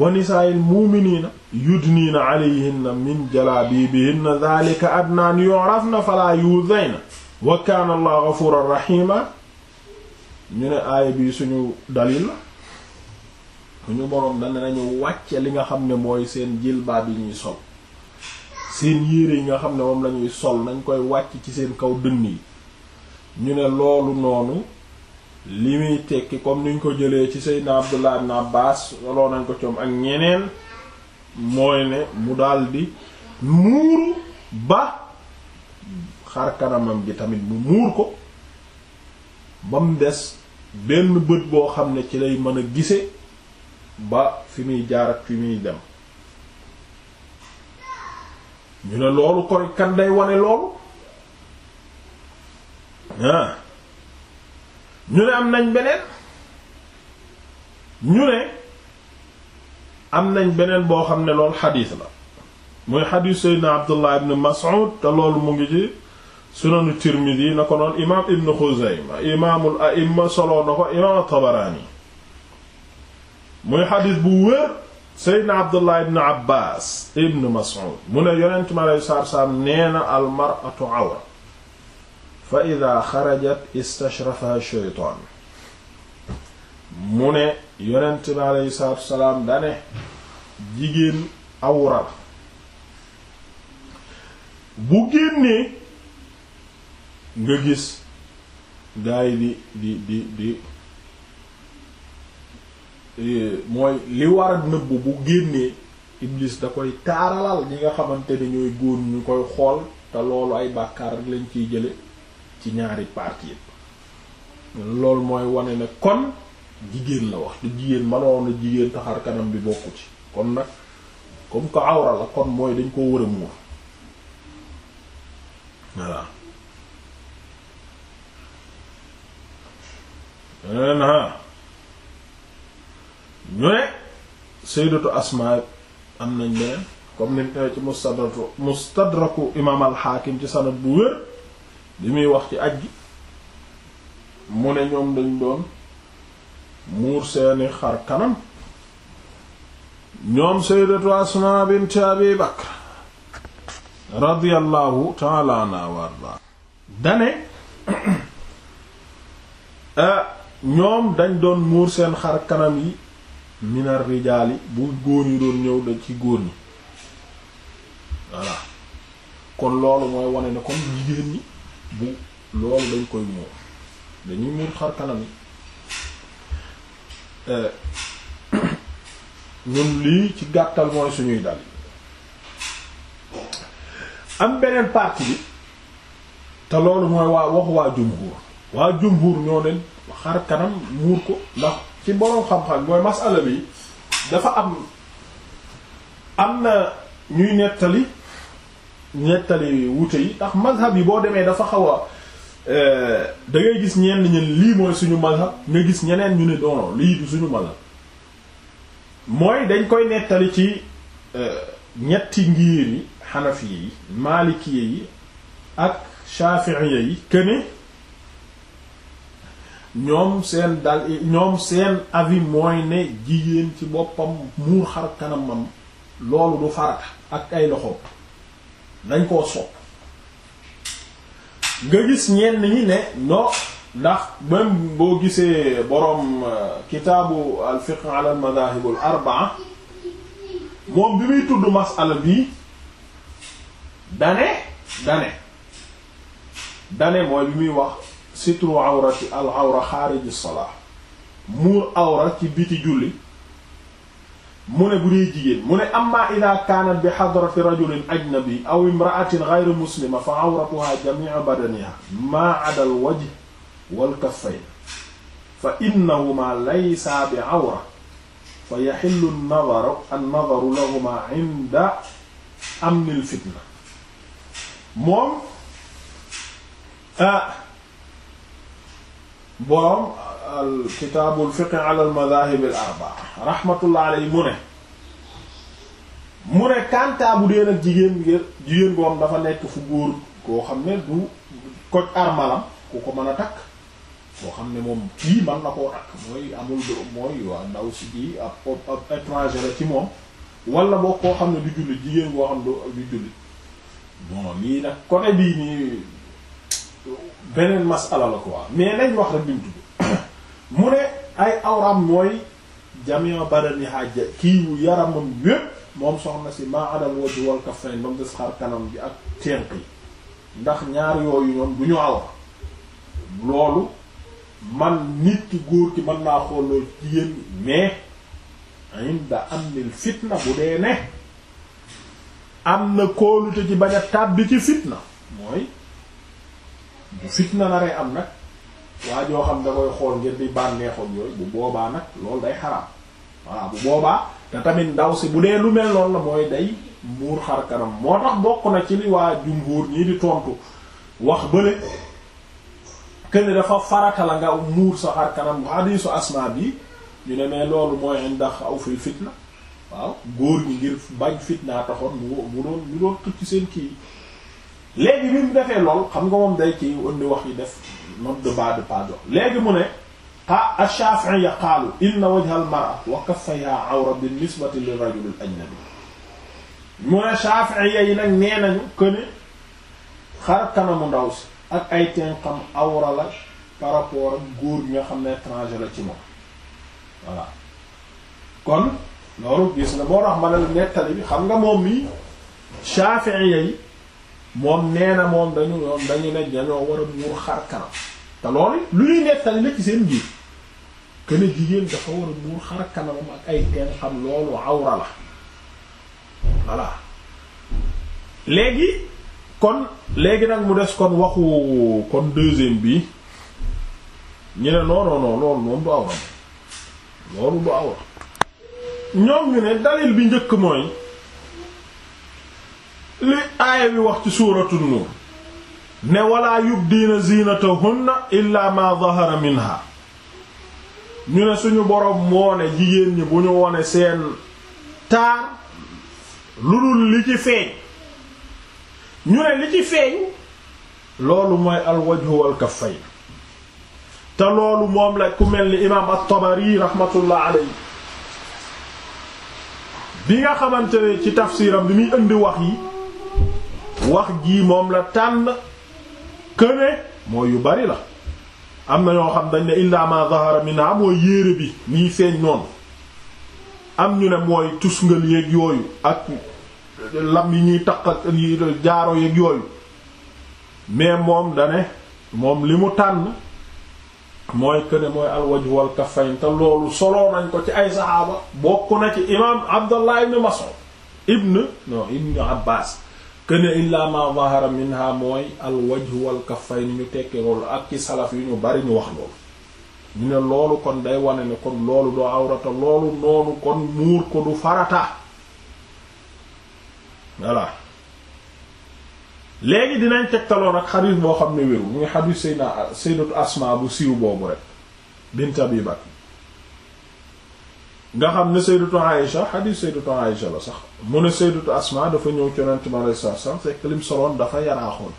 A: wa nisaa'il mu'miniina yudniina alayhinna min jalaabiibihinna dhaalika adnaa an yu'rafna falaa yu'dhayna wa kaana Allaahu ghafuuran rahiimaa ñu ne aaya bi suñu dalil la suñu boroom dana nañu wàcce li nga xam ne mooy seen jilbaab yi ñuy sol seen yére yi nga xam ne moom lañuy sol nañ koy wàcc ci seen kaw dënn yi ñu ne loolu noonu li muy tekki comme niñ ko jëlee ci Seydina Abdullah ibn Abbas soloo nañ ko coom ak ñeneen mooy ne mu daldi muuru ba xar kanamam gi tamit mu muur ko ba mu des benn bët boo xam ne ci lay mën a gise ba fi muy jaar ak fi muy dem ñu ne loolu koy kan day wane loolu ah ñu ne am nañ beneen ñu ne am nañ beneen boo xam ne loolu xadiis la muy xadiis seydna abdullah ibn mas'ud te loolu mu ngi ci sunanu tirmidi na ko noon imaam ibn xuzayma imaamul a'imma soloo na ko imaam at muy xadis bu wér seydna abdullah ibn abbas ibn mas'ud mu ne yonent mi aleyhi salaatu salaam nee na al mar'atu awra fa ida xarajat istashrafaha sheytaan mu ne yonent mi aleyhi salaatu salaam dane jigéen awra la bu génnee nga gis gaay di di di di mooy li war a nëbbu bu génnee iblis da koy taaralal ñi nga xamante ni ñooy góor ñu koy xool te loolu ay bàkkaar lañ ciy jële ci ñaari parties loolu mooy wane ne kon jigéen la wax te jigéen manoon na jigéen taxar kanam bi bokku ci kon nag comme que awra la kon mooy dañ koo war a muur voilà ah. ñu ne sayyidatu Asmaa am nañ beneen comme ni mu ci mustadraku mustadraku imaam al ci sanad bu wér li muy wax ci aj mu ne ñoom dañ doon muur seeni xar kanam ñoom sayyidatu Asmaa bint Abi Bakr radiyallahu ta'ala anha wa arda dane eh, ñoom dañ doon muur seen xar kanam yi minar rijaali bu góor yi doon ñëw dañ ci góor ñi voilà kon loolu mooy wone ni comme jigéen ñi bu loolu dañ koy muur dañuy muur xar kanam yi eh, lii ci gàttal mooy suñuy dal am beneen partie bi te loolu mooy waa wax waa jumhur waa jumhur ñoo ne xar kanam muur ko ndax ci boroom xam-xam mooy masala bi dafa am am na ñuy nettali nettali wute yi ndax mazhab yi boo demee dafa xaw a euh, da gis ñenn ñen lii mooy suñu mazhab nga gis ñeneen ñu ne doono lii du suñu mazhab mooy dañ koy nettali ci euh, ñetti ngir yi xanafiye yi maalikiyé yi ak shafiiye yi këne ñoom seen dal ñoom seen avis mooy ne jigéen ci boppam muur xar kanamam loolu du farata ak ay loxo dañ koo sopp nga gis ñenn ñi ne no ndax même boo gisee boroom euh, kitaabu al fiqh ala al madahib arba'a moom bi muy tudd masala bi dane dane dane mooy bi muy wax sitru awrati al awra xaariji salaa muur awra ci biti julli mu ne bu dee jigéen mu ne amma ida kaanat bi xadrati rajulin ajnabi aw imraatin gayri muslima fa awratuha jamiicu badaniha maa ada al wajhi wal kaffayn fa innahuma laysa bi awra fa yaxillu nadaru an nadaru lahuma inda amnil fitna moom ah borom al kitaabul fiqh ala al madahib al arbaa mu ne mu ne kantaa bu dee nag jigéen ngir jigéen boo xam dafa nekk fu góor koo xam ne du koj armalam ku ko mën a takk koo xam ne moom kii man na koo takk mooy amul do mooy waa ndaw si bii ab ab la ci moom wala boo koo xam ne du jullit jigéen boo xam du du jullit lii nag côté bii nii beneen masala la quoi mais nañ wax rek bi mu tudd mu ne ay awram mooy jami'a badani hajja kii yu yaramam yépp moom soxna si maa adam wajhu wal kaffayn ba mu des xar kanam bi ak tenq yi ndax ñaar yooyu ñoom du ñu awra loolu man nit góor ki mën naa xooloo jigéen mais inda amnil fitna bu dee ne am na kóolute ci bañ a tàbbi ci fitna mooy bu fitna naree am nag waa joo xam da koy xool ngir di bànneexoon yooyu bu boobaa nag lool day xaraam voilà bu boobaa te tamit ndaw si bu dee lu mel lool la mooy day muur xar kanam moo tax bokk na ci li waa jumhur ñii di tontu wax bële kenn dafa farata la nga muur sa xar kanam hadiisu asmaa bi ñu ne mais loolu mooy ndax aw fil fitna waaw góor ñi ngir bañ fitna taxoon mu mu doon mu doon tucc seen kii. léegi bi mu defee lool xam nga moom day ci indi wax yi def note de bas de page léegi mu ne a ash-Shafi'i yaqaalu inna wajha al-mar'a wa kaffayha awra bi nisbati li rajul al-ajnabi mu ne Shafi'i yi nag nee nañu que ne xar kanamu ndaw si ak ay tenqam awra la par rapport ak góor ñi nga xam ne étranger la ci moom voilà kon loolu gis nga moo tax ma ne nettali bi xam nga moom mi Shafi'i yi moom nee na moom dañu ñoom dañu ne dañoo war a muur xar kanam te loolu lu ñuy nettali la ci seen biir que ne jigéen dafa war a muur xar kanamam ak ay teen xam loolu awra la voilà léegi kon léegi nag mu des kon waxu kon deuxième bi ñu ne non non loolu moom du awra loolu du awra ñoom ñu ne dalil bi njëkk mooy li aaya bi wax ci suuratu nuur ne walaa yubdiina ziinatahunna illaa maa zahara minha ñu ne suñu boroom moo ne jigéen ñi bu ñu wone seen taar lu dul li ci feeñ ñu ne li ci feeñ loolu mooy alwajhu kaffay te loolu moom la ku mel ni imaam at-Tabari rahmatullah alayhi bi nga xamante ne ci tafsiram bi muy indi wax yi wax jii moom la tànn këne mooy yu bari la am na ñoo xam dañ ne illa ma zahara minha mooy yéere bi liy feeñ noonu am ñu ne mooy tusngal yéeg yooyu ak lam yi ñuy taq jaaro yéeg yooyu mais moom dane moom li mu tànn mooy këne mooy alwaj wal kaffayn te loolu soloo nañ ko ci ay saxaaba bokk na ci imaam abdullah ibn ibn non ibn abbas këne illaa ma zahara minha mooy al wajhu wal kaffay ni ñu tekki loolu ak ci salaf yu ñu bari ñu wax loolu ñu ne loolu kon day wane ne kon loolu doo awrata loolu noonu kon muur ko du farata voilà léegi dinañ tegtaloon ak xadiis boo xam ne wéru mu ngi xadiis sayna sayyidatu asma bu siiw boobu rek bint abi bakr nga xam ne sayyidatu Aïsha xadiis sayyidatu Aïsha la sax mu ne sayyidatu Asma dafa ñëw ci yonent bi alayhi salaam lim soloon dafa yaraaxoon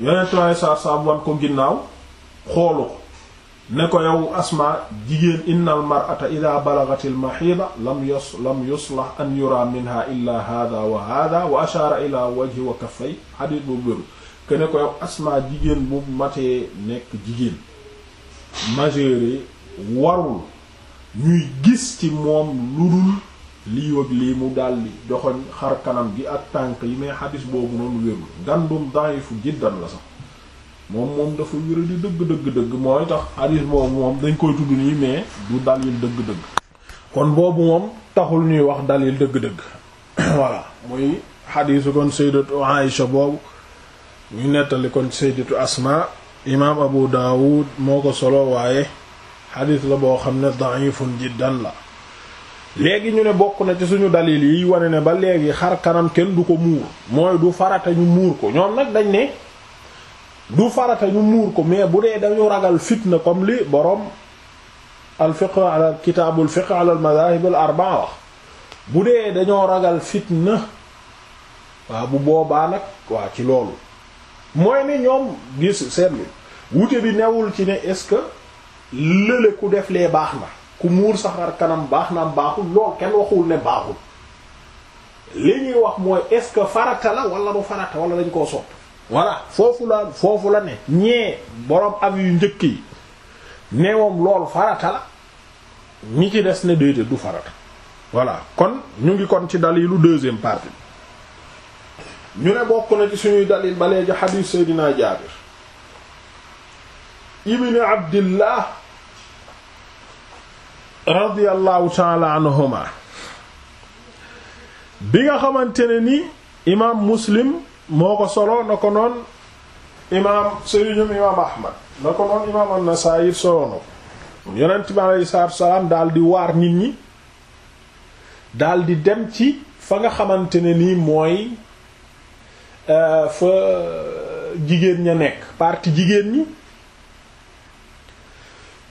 A: yonent bi alayhi salaam wan ko ginnaaw xoolu ko ne ko yow Asma jigéen innal mar'ata illa hadha wa hadha wa ashara ila wajhi wa kaffay xadiis bu bëru ke ko yow Asma jigéen bu matee nekk jigéen majeure warul ñuy gis ci moom lu dul lii lii mu daldi joxoñ xar kanam gi ak tànk yi mais xadis boobu noonu wérul ngandum fu jiddan la sax moom moom dafa wéra di dëgg dëgg mooy tax xadis boobu moom dañ koy tudd nii mais du dalil dëgg dëgg kon boobu moom taxul ñuy wax dalil dëgg dëgg voilà muy xadisu kon sayyidatu Aïsha boobu muy nettali kon sayyidatu Asma imaam Abu Dawud moo ko solo waaye xadis la boo xam ne da'ifun jiddan la léegi ñu ne bokk na ci suñu dalil yi wane ne ba léegi xar kanam kenn du ko muur mooy du farata ñu muur ko ñoom nag dañ ne du farata ñu muur ko mais bu dee dañu ragal fitna comme li boroom al fiqh ala kitaabul fiqh ala al madahib al arba'a bu dee dañoo ragal fitna waaw bu boobaa nag waa ci loolu mooy ne ñoom gis seetlu wute bi newul ci ne est-ce que lële ku def lee baax na ku muur saxar kanam baax na am baaxul lool kenn waxul ne baaxul li ñuy wax mooy est-ce que farata la wala du farata wala dañ koo sopp voilà foofu la foofu la ne ñee boroom am yu njëkk yi neewoom loolu farata la ñi ci des ne déedéet du farata voilà kon ñu ngi kon ci dalilu deuxième partie ñu ne bokk na ci suñuy dalil ba léegi xadiis dinaa Jaabir ibni abdillah radiallahu taala anhuma bi nga xamante ne ni imaam muslim moo ko solo na ko noon imaam sëriñum imaam ahmad na ko noon imaam an-Nasaa'i solo na ko yonent bi aleyhi salaatu wasalaam di waar nit ñi daal di dem ci fa nga xamante ne nii mooy euh, fa jigéen ña nekk parti jigéen ñi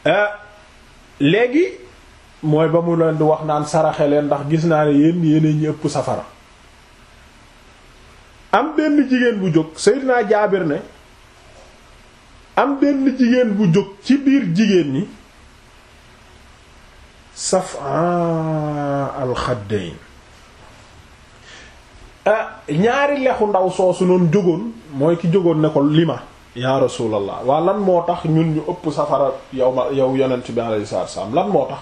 A: Ah, léegi mooy ba mu leen di wax naan saraxe leen ndax gis naa ne yéen yéen ñi ëpp safara am benn jigéen bu jóg Seydina Jaabir ne am benn jigéen bu jóg ci biir jigéen ñi safaa alxaddayn ah, ñaari lexu ndaw soosu noonu jógoon mooy ki jógoon ne ko lima yaa rasulallah waa lan moo tax ñun ñu ëpp safara yow ma yow yonent bi alayhi salaatu lan moo tax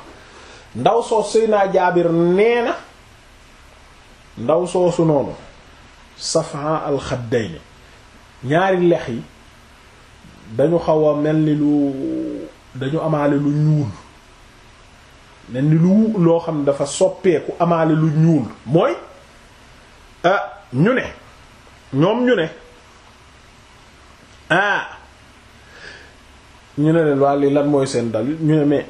A: ndaw soos naa Jaabir nee na ndaw soosu noonu safaa alxaddayni ñaari lex yi dañu xaw a mel ni lu dañu amaale lu ñuul mel ni lu loo xam ne dafa soppeeku amaale lu ñuul mooy ah ñu ne ñoom ñu ne ah ñu ne leen waa lan mooy seen dalil ñu ne mais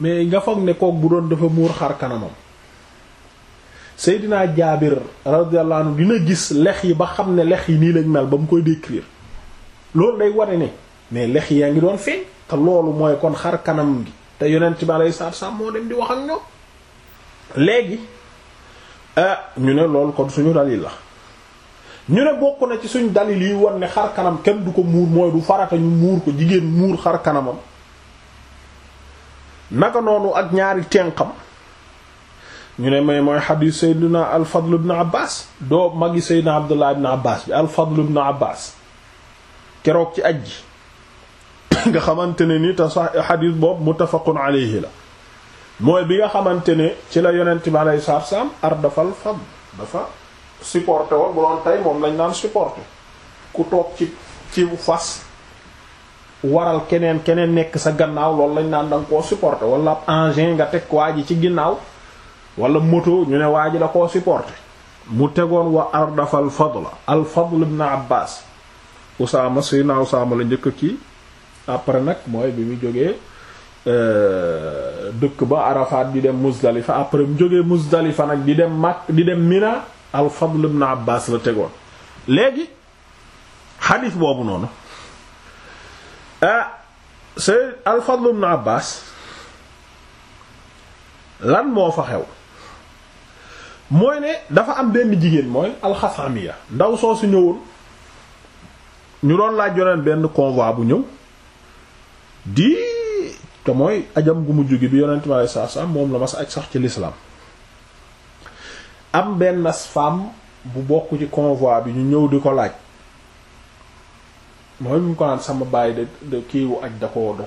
A: mais nga foog ne kook dafa muur xar kanamam Seydina Jaabir radiyallahu anhu dina gis lex yi ba xam ne lex yi nii lañ mel ba mu koy décrire loolu day wane ne mais lex yaa ngi doon feeñ loolu mooy kon xar kanam gi te yonent bi alayhi salaatu salaam moo dem di wax ak léegi ah, ñu ne loolu kon suñu dalil la ñu ne bokk na ci suñ dalil yi won ne xar kanam kenn du ko muur mooy du farata muur ko jigéen muur xar kanamam naka noonu ak ñaari tenqam ñu ne may mooy xadiis seydina alfadl ibn abbas doo magi seydina abdullah ibn abbas bi alfadl ibn abbas keroog ci aj nga xamante ne ni te sax xadiis boobu muttafaqun alayhi la mooy bi nga xamante ne ci la yonent bi alayhi salaam ar dafal fadl dafa supporté woon bu doon tey moom lañ naan supporté ku toog ci ci fas waral keneen keneen nekk sa gannaaw loolu lañ naan da nga koo supporté wala engin nga teg waa ji ci ginnaaw wala moto ñu ne waa ji da koo supporté mu tegoon wa ardafa al fadl al fadl ibn abbas usaama sayna usaama la njëkk kii après nag mooy bi mu jógee euh, dëkk ba Arafat di dem Muzdalifa après mu jógee Muzdalifa nag di dem Makk di dem Mina al Fadl ibn Abbas la tegoon léegi xadiis boobu noonu ah Sayyid al Fadl ibn Abbas lan moo fa xew mooy ne dafa am benn jigéen mooy alxasamiya ndaw soo su ñëwul ñu doon laaj yoneen benn convoi bu ñëw di te mooy ajam gu mujj gi bi yonent bi sallallahu alayhi wasallam moom la mas ak sax ci lislaam am benn femme bu bokk ci convoi bi ñu ñëw di ko laaj mooy mu ko naan sama bàyyi de de kiiwu aj da ko da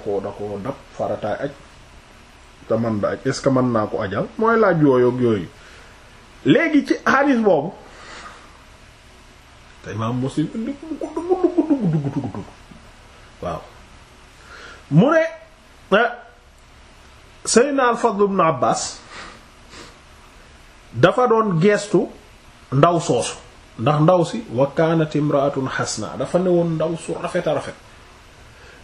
A: dab farataay aj te man da aj est-ce que mën naa ko ajal mooy laaj yooyu yooyu léegi ci hadis boobu te imaam Muslim indi mu gudd gudd gudd gudd gudd gudd waaw mu ne eh, Seydina al-Fadl ibn Abbas dafa doon geestu ndaw soosu ndax ndaw si wa kanat imraatun xasna dafa ne woon ndaw su rafet a rafet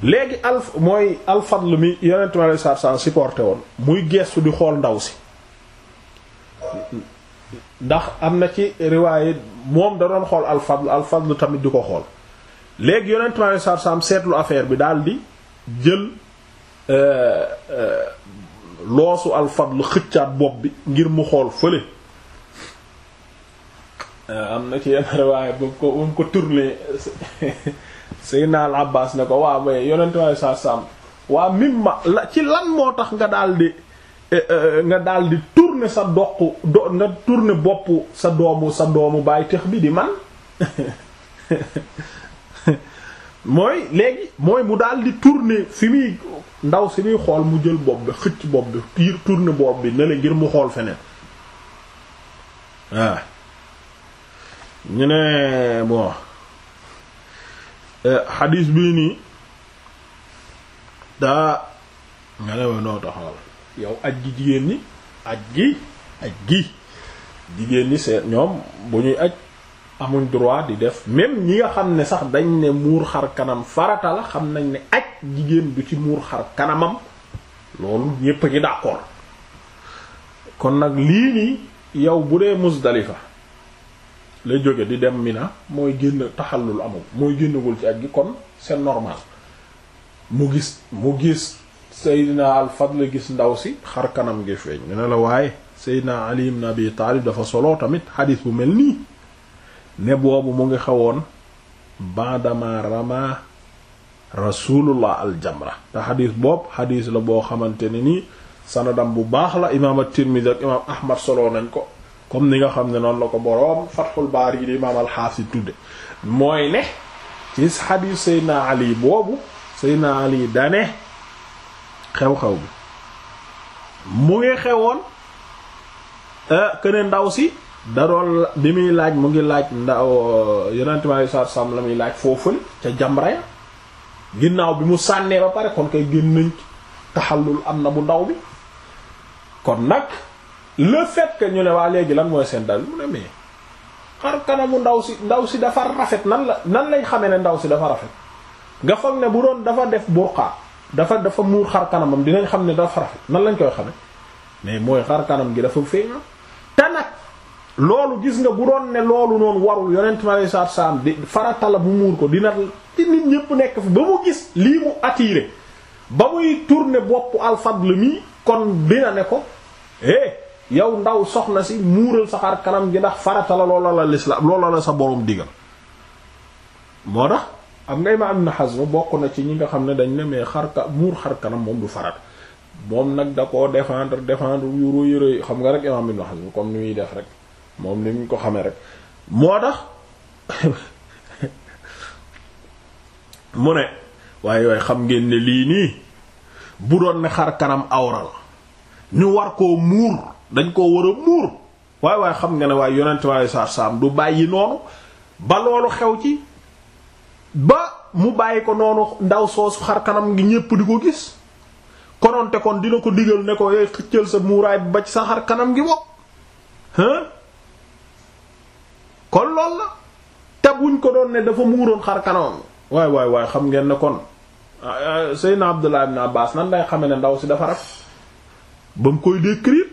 A: léegi al mooy alfadl mi yonent mi alei satu woon muy geestu di xool ndaw si ndax am na ci riwaaye moom da doon xool alfadl alfadl tamit di ko xool léegi yonent mi alei satu seetlu affaire bi daal di jël euh, euh, loosu alfadl xëccaat bopp bi ngir mu xool fële Euh, am na ci yenn riwaaya bu ko bu ko tourné Seydina Al Abbas ko waa mooy yonent waaye saa saam waa mimma la ci lan moo tax nga dal di eh, eh, nga daal di tourné sa doq do nga tourné bopp sa doomu sa doomu baay tex bi di man mooy léegi mooy mu daal di tourné fi muy ndaw si muy xool mu jël bopp bi xëcc bopp bi piir tourné bopp bi ne la ngir mu xool feneen waaw ñu ne bon eh, xadiis bii nii daa nga ne ma yow aj gi jigéen ñi aj gi aj gi jigéen ñi seet ñoom bu ñuy aj amuñ droit di def même ñi nga xam ne sax dañ ne muur xar kanam farata xam nañ ne aj jigéen du ci muur xar kanamam loolu ñépp a ngi d'accord kon nag lii nii yow bu dee Muzdalifa la jóge di dem Mina mooy génn taxallul amul mooy génnagul ci ak gi kon c'est normal mu gis mu gis Seydina al Fadl gis ndaw si xar kanam gi feeñ ne la waaye Seydina Ali ibn Abi Taalib dafa solo tamit xadiis bu mel nii ne boobu mu ngi xawoon badama rama rasulullah al jamra te xadiis boobu xadiis la boo xamante ne nii sanadam bu baax la imaam at-Tirmidhi imaam Ahmad solo nañ ko comme ni nga xam ne noonu la ko boroom Fathul Baari yi di imaam al-Hafiz tudde mooy ne ci xadiis Seydina Ali boobu Seydina Ali dane xew-xew bi mu ngi xewoon e, këne ndaw si da doon bi muy laaj mu ngi laaj ndaw e, Yonent bi sallallahu alayhi la muy laaj foofu ca Jamra ya ginnaaw bi mu sànnee ba pare kon kay génn nañ taxallul am na bu ndaw bi kon nag le fait ñu ne waa léegi lan mooy seen dal mu ne mais xar kanamu ndaw si ndaw si dafa rafet nan la nan lañ xamee ne ndaw si dafa rafet nga foog ne bu doon dafa def burqa dafa dafa muur xar kanamam dinañ xam ne dafa rafet nan lañ koy xamee mais mooy xar kanam gi dafa feeña te nag loolu gis nga bu doon ne loolu noonu warul yonent mi alayhi salaatu salaam di faratala bu muur ko dina ci nit ñëpp nekk fi ba mu gis lii mu attiré ba muy turne boppu al-Fadl mi kon dina ne ko eh, yow ndaw soxna si muural sa xar kanam gi ndax farata la loola la lislaam loola la sa borom digal moo tax am ngay ma am na xas ba bokk na ci ñi nga xam ne dañ ne mais xar ka muur xar kanam moom du farata moom nag da koo défendre défendre yuro yëre xam nga rek imam ibn Hazm comme ni muy def rek moom ni ko xamee rek moo tax mu ne waaye waaye xam ngeen ne lii nii bu doon ne xar kanam awra la ñu war koo muur dañ koo war a muur waaye waaye xam nga ne waaye yonent bi saa saam du bàyyi noonu ba loolu xew ci ba mu bàyyi ko noonu ndaw soosu xar kanam ngi ñépp di ko gis kononte kon dina ko digal ne ko sa muuraay bi ba sa xar kanam ngi bopp kon lool la te wuñ ko doon ne dafa muuroon xar kanam waaye waaye waaye xam ngeen ne kon ah, ah, Seydina Abdullah ibn Abbas nan lay xame ne ndaw si dafa rab ba mu koy décrire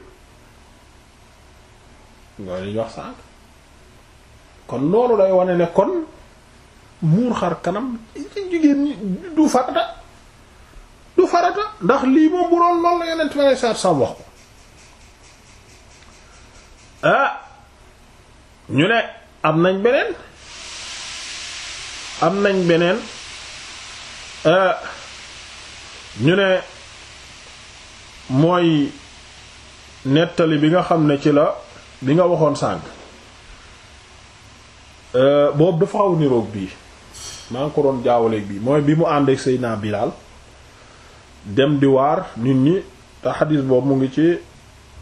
A: loolu lañu wax sànq kon loolu lay wane ne kon muur xar kanam ci jigéen du farata du farata ndax lii moom bu doon loolu yeneen tubaab yi saabsaab wax ko ah ñu ne am nañ beneen am nañ beneen ah, ñu ne mooy nettali bi nga xam ne ci la. bi nga waxoon sànq euh, boobu dafa xaw niroog bii maa ngi ko doon jaawaleeg bii mooy bi mu àndeek ak Seydina Bilaal dem di waar nit ñi te xadis boobu mu ngi ci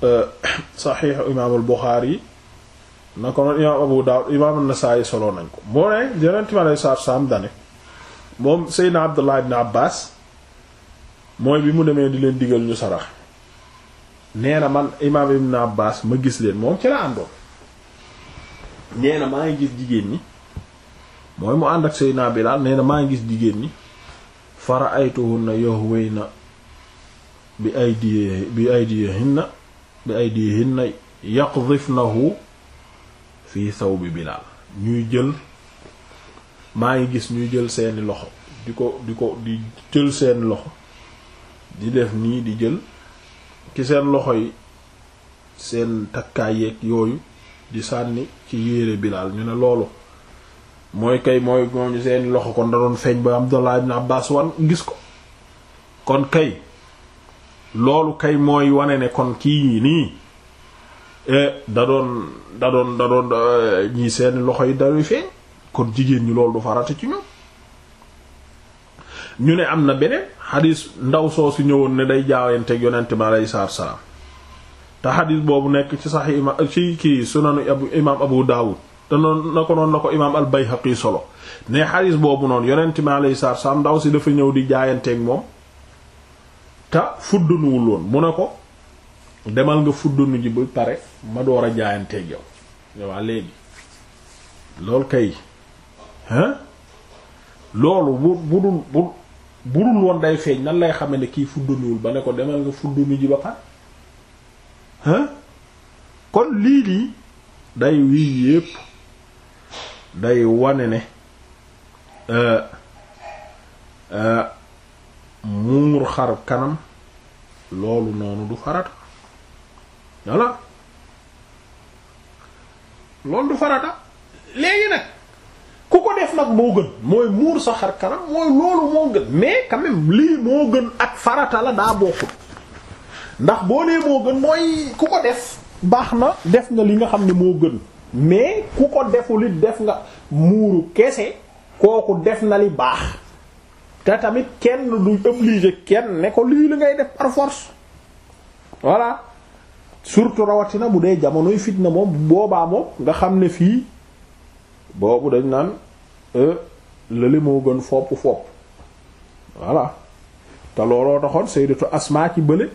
A: euh, saxiix imaamul Buxaari na ko noon imaam Abu Daawud imaam An-Nasaa'i solo nañ ko moo ne yeneen time alay saar saam dane moom Seydina Abdullah ibn Abbas mooy bi mu demee di leen digal ñu sarax nee man imaam ibn Abbas ma gis leen moom ci la àndoon nee maa ngi gis jigéen ñi mooy mu ànd ak Seydina Bilaal nee maa ngi gis jigéen ñi fa ra'aytuhunna yahwayna bi aydihi bi aydihinna bi aydihinna fii fi thawbi Bilaal ñuy jël maa ngi gis ñuy jël seeni loxo di ko di ko di jël seeni loxo di def nii di jël ci seen loxo yi seen takkaay yeeg yooyu di sànni ci yére Bilaal ñu ne loolu mooy kay mooy ñooñu seen loxo kon da doon feeñ ba Abdullah ibn Abbas wan gis ko kon kay loolu kay mooy wane ne kon kii nii e, da doon da doon da doon e, ñii seen loxo yi daluy feeñ kon jigéen ñi loolu du farata ci ñoom ñu ne am na beneen xadis ndaw soo si ñëwoon ne day jaawanteeg yonent bi aleyhi salaatu te xadis boobu nekk ci sax ima ci kii sunanu imaam Abu Daawud te noonu na ko noonu na ko imaam al Bayhaqi solo ne xadis boobu noonu yonent bi aleyhi salaatu ndaw si dafa ñëw di jaayanteeg moom te fuddunuwul woon mu ne ko demal nga fuddunu ji bu pare ma door a jaayanteeg yow loolu kay loolu bu bu dul bu bu dul woon day feeñ nan lay xame ne kii fuddaniwul ba ne ko demal nga fuddani ji ba pare hein kon lii lii day wii yépp day wane ne euh, euh, muur xar kanam loolu noonu du farata loolu du farata léegi nag ku ko def nag moo gën mooy muur sa xar kanam mooy loolu moo gën mais quand lii moo gën ak farata la daa bokkul ndax boo nee moo gën mooy ku ko def baax na def nga li nga xam ne moo gën mais ku ko defulit def nga muuru kese kooku def na li baax te tamit kenn du obligé kenn ne ko lii li ngay def par force voilà surtout rawatina bu dee jamonoy fitna moom boobaa moom nga xam ne fii boobu dañ naan E, lële moo gën fopp fopp voilà te looloo taxoon sayyidatu Asma ci bële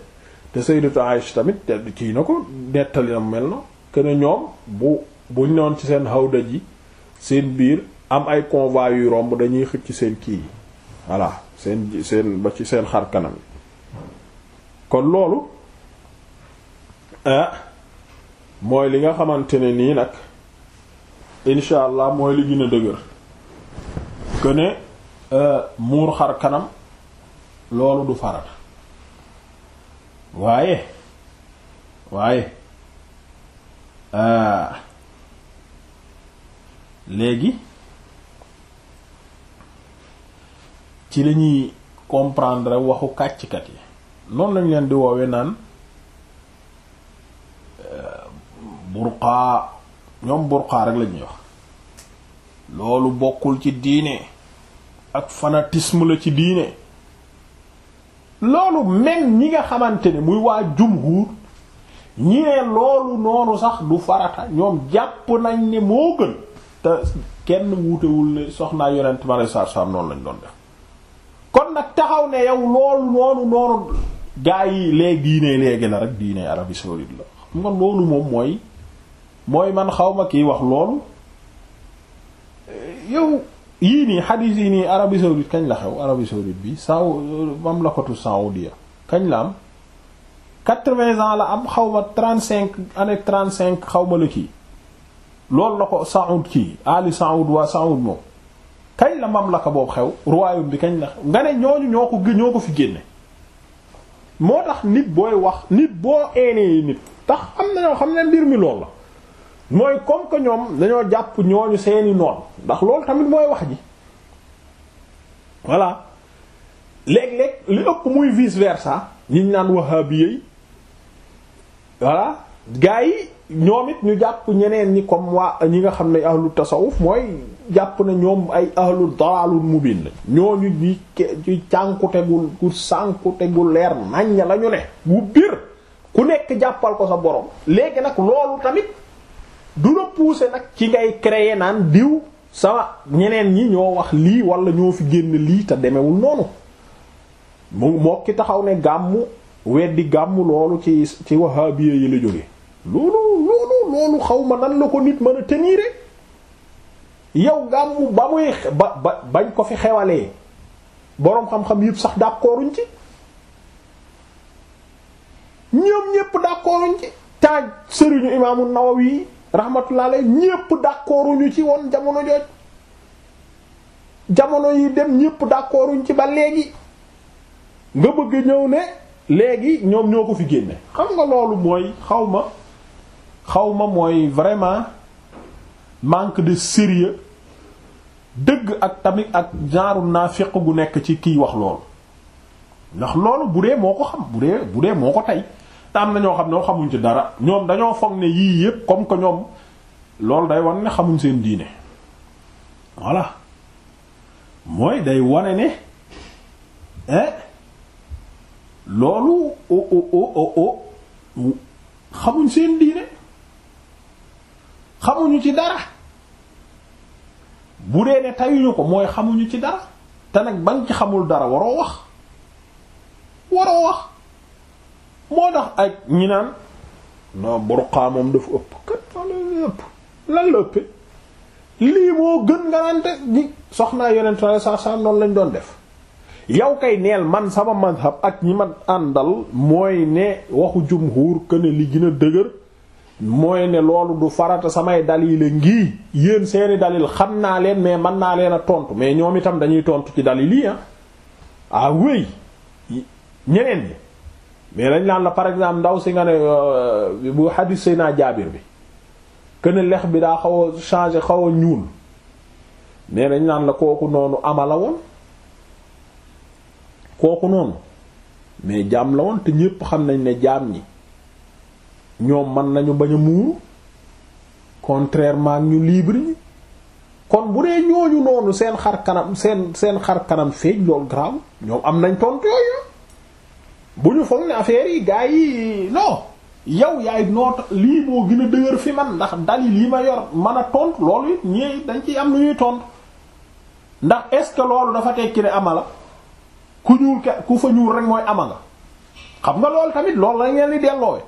A: te sayyidatu Aïsha tamit te kii na ko nettali na mel na que ne ñoom bu buñ noon ci seen hawda ji seen biir am ay convois yuy romb dañuy ci seen kii yi voilà seen seen ba ci seen xar kanam kon loolu ah, mooy li nga xamante ne nii nag incha allah mooy li gën a dëgër. que ne euh, muur xar kanam loolu du farat waaye waaye euh, léegi ci lañuy ñuy comprendre waxu kàcckat yi noonu lañ leen di woowe naan euh, burqaa ñoom burqaa rek la ñuy wax loolu bokkul ci diine ak fanatisme la ci diine loolu même ñi nga xamante ne muy waa jumhuur ñi ne loolu noonu sax du farata ñoom jàpp nañ ne moo gën te kenn wuutewul ne soxnaa yonent ma lay sarsam noonu lañ doon def kon nag taxaw ne yow loolu noonu noonu gaa yi léegi diine léegi la rek diine Arabie saoudite la moom mooy mooy man xawma kiy wax loolu yow yii nii xadiis yii nii Arabie saoudite kañ la xew Arabie saoudite bi saw mam la kotu saoudia kañ la am quatre ans la am xawma trent cinq année trente-cinq xawma la kii loolu la ko Saoud kii Ali Saoud waa Saoud moom kañ la mamlaka boobu xew royaume bi kañ la xew nga ne ñooñu ñoo ko ñoo ko fi génne moo tax nit booy wax nit boo eenee nit tax am na ñoo xam ne mbir mi lool la mooy comme que ñoom dañoo jàpp ñooñu seeni noon ndax loolu tamit mooy wax ji voilà léeg li ëpp muy vice versa ñi ñu naan wahabi yi voilà gars yi ñoom it ñu jàpp ñeneen ñi comme waa ñi nga xam ne ahlu tasawuf mooy jàpp na ñoom ay ahlu dalalul mubin la ñooñu ñi ci cànkutegul ku gu leer naññ la ñu ne bu bir ku nekk jàppal ko sa borom léegi nag loolu tamit du la nag ci ngay créer naan diw sama ñeneen ñi ñoo wax lii walla ñoo fi génn lii te demewul noonu mu moo ki taxaw ne gàmmu weddi gàmmu loolu ci ci wahabiya yi la jóge loolu loolu loolu xaw ma nan la ko nit mën a tenir yow gàmmu ba muy ba ba bañ ko fi xewalee boroom xam-xam yëpp sax d'accorduñ ci ñoom ñépp d'accorduñ ci taaj sëriñu imaamu yi rahmatullah alay ñépp d'accorduñu ci woon jamono jooj jamono yi dem ñépp d'accorduñ ci ba léegi nga bëgg ñëw ne léegi ñoom ñoo ko fi génne xam nga loolu mooy xaw ma xaw ma mooy vraiment manque de sérieux dëgg ak tamit ak genre naafiq gu nekk ci kiy wax loolu ndax loolu bu dee moo ko xam bu dee bu dee moo ko tey te am na ñoo xam ne xamuñ ci dara ñoom dañoo foog ne yii yépp comme que ñoom loolu day wan ne xamuñ seen diine voilà mooy day wane ne eh loolu o o o o o xamuñ seen diine xamuñu ci dara bu dee ne tayuñu ko mooy xamuñu ci dara te nag bañ xamul dara waroo wax waroo wax moo tax ak ñi naan non burqaa moom dafa ëpp kat fan la ëpp lan la ëpp lii moo gën nga naan soxnaa yonent sallallahu alayhi wasallam noonu lañ doon def. yow kay neel man sama madhab ak ñi ma àndal mooy ne waxu jumhur que li gën a dëgër mooy ne loolu du farata samay dalil ngii yéen seeni dalil xam naa leen mais mën naa leen a tontu mais ñoom itam dañuy tontu ci dalil yi ah ah ñeneen ñi mais dañ naan la par exemple ndaw si nga ne euh, bu xadis Seydina Jaabir bi kuene lex bi daa xaw a changé xaw a ñuul mais dañ naan la kooku noonu ama la woon kooku noonu mais jaam la woon te ñépp xam nañ ne jaam ñi ñoom man nañu bañ a muuru contrairement ñu libre ñi kon bu dee ñooñu noonu seen xar kanam seen xar kanam feeñ loolu grave ñoom am nañ tontu bu ñu foog ne affaire yi gars yi non yow yaay noot lii moo gën a dëgër fi man ndax dali lii ma yor man a tontu loolu it ñii dañ ciy am lu ñuy tontu ndax est-ce que loolu dafa tekki ne ama la ku ñuul ka ku fa ñuul rek mooy ama nga xam nga loolu tamit loolu la ngeen di delloo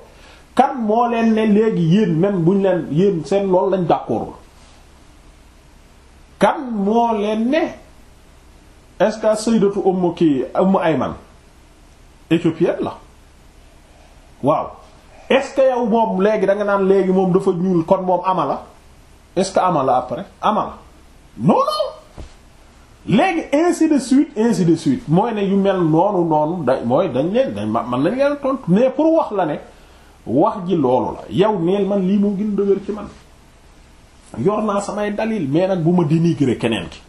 A: kan moo leen ne léegi yéen même buñ leen yéen seen loolu lañ d'accord kan moo leen ne est-ce que sayyidatu ummu kii ummu éthiopienne la waaw est-ce moom léegi danga naan léegi moom dafa ñuul kon moom ama la est-ce que ama la après ama la non non léegi ainsi de suite ainsi de suite mooy ne yu mel noonu noonu da mooy dañ leen dañ man nañ leen tontu mais pour wax la ne wax ji loolu la yow neel man lii moo gën dëgër ci man yor naa samay dalil mais nag bu ma dénigrer keneen ki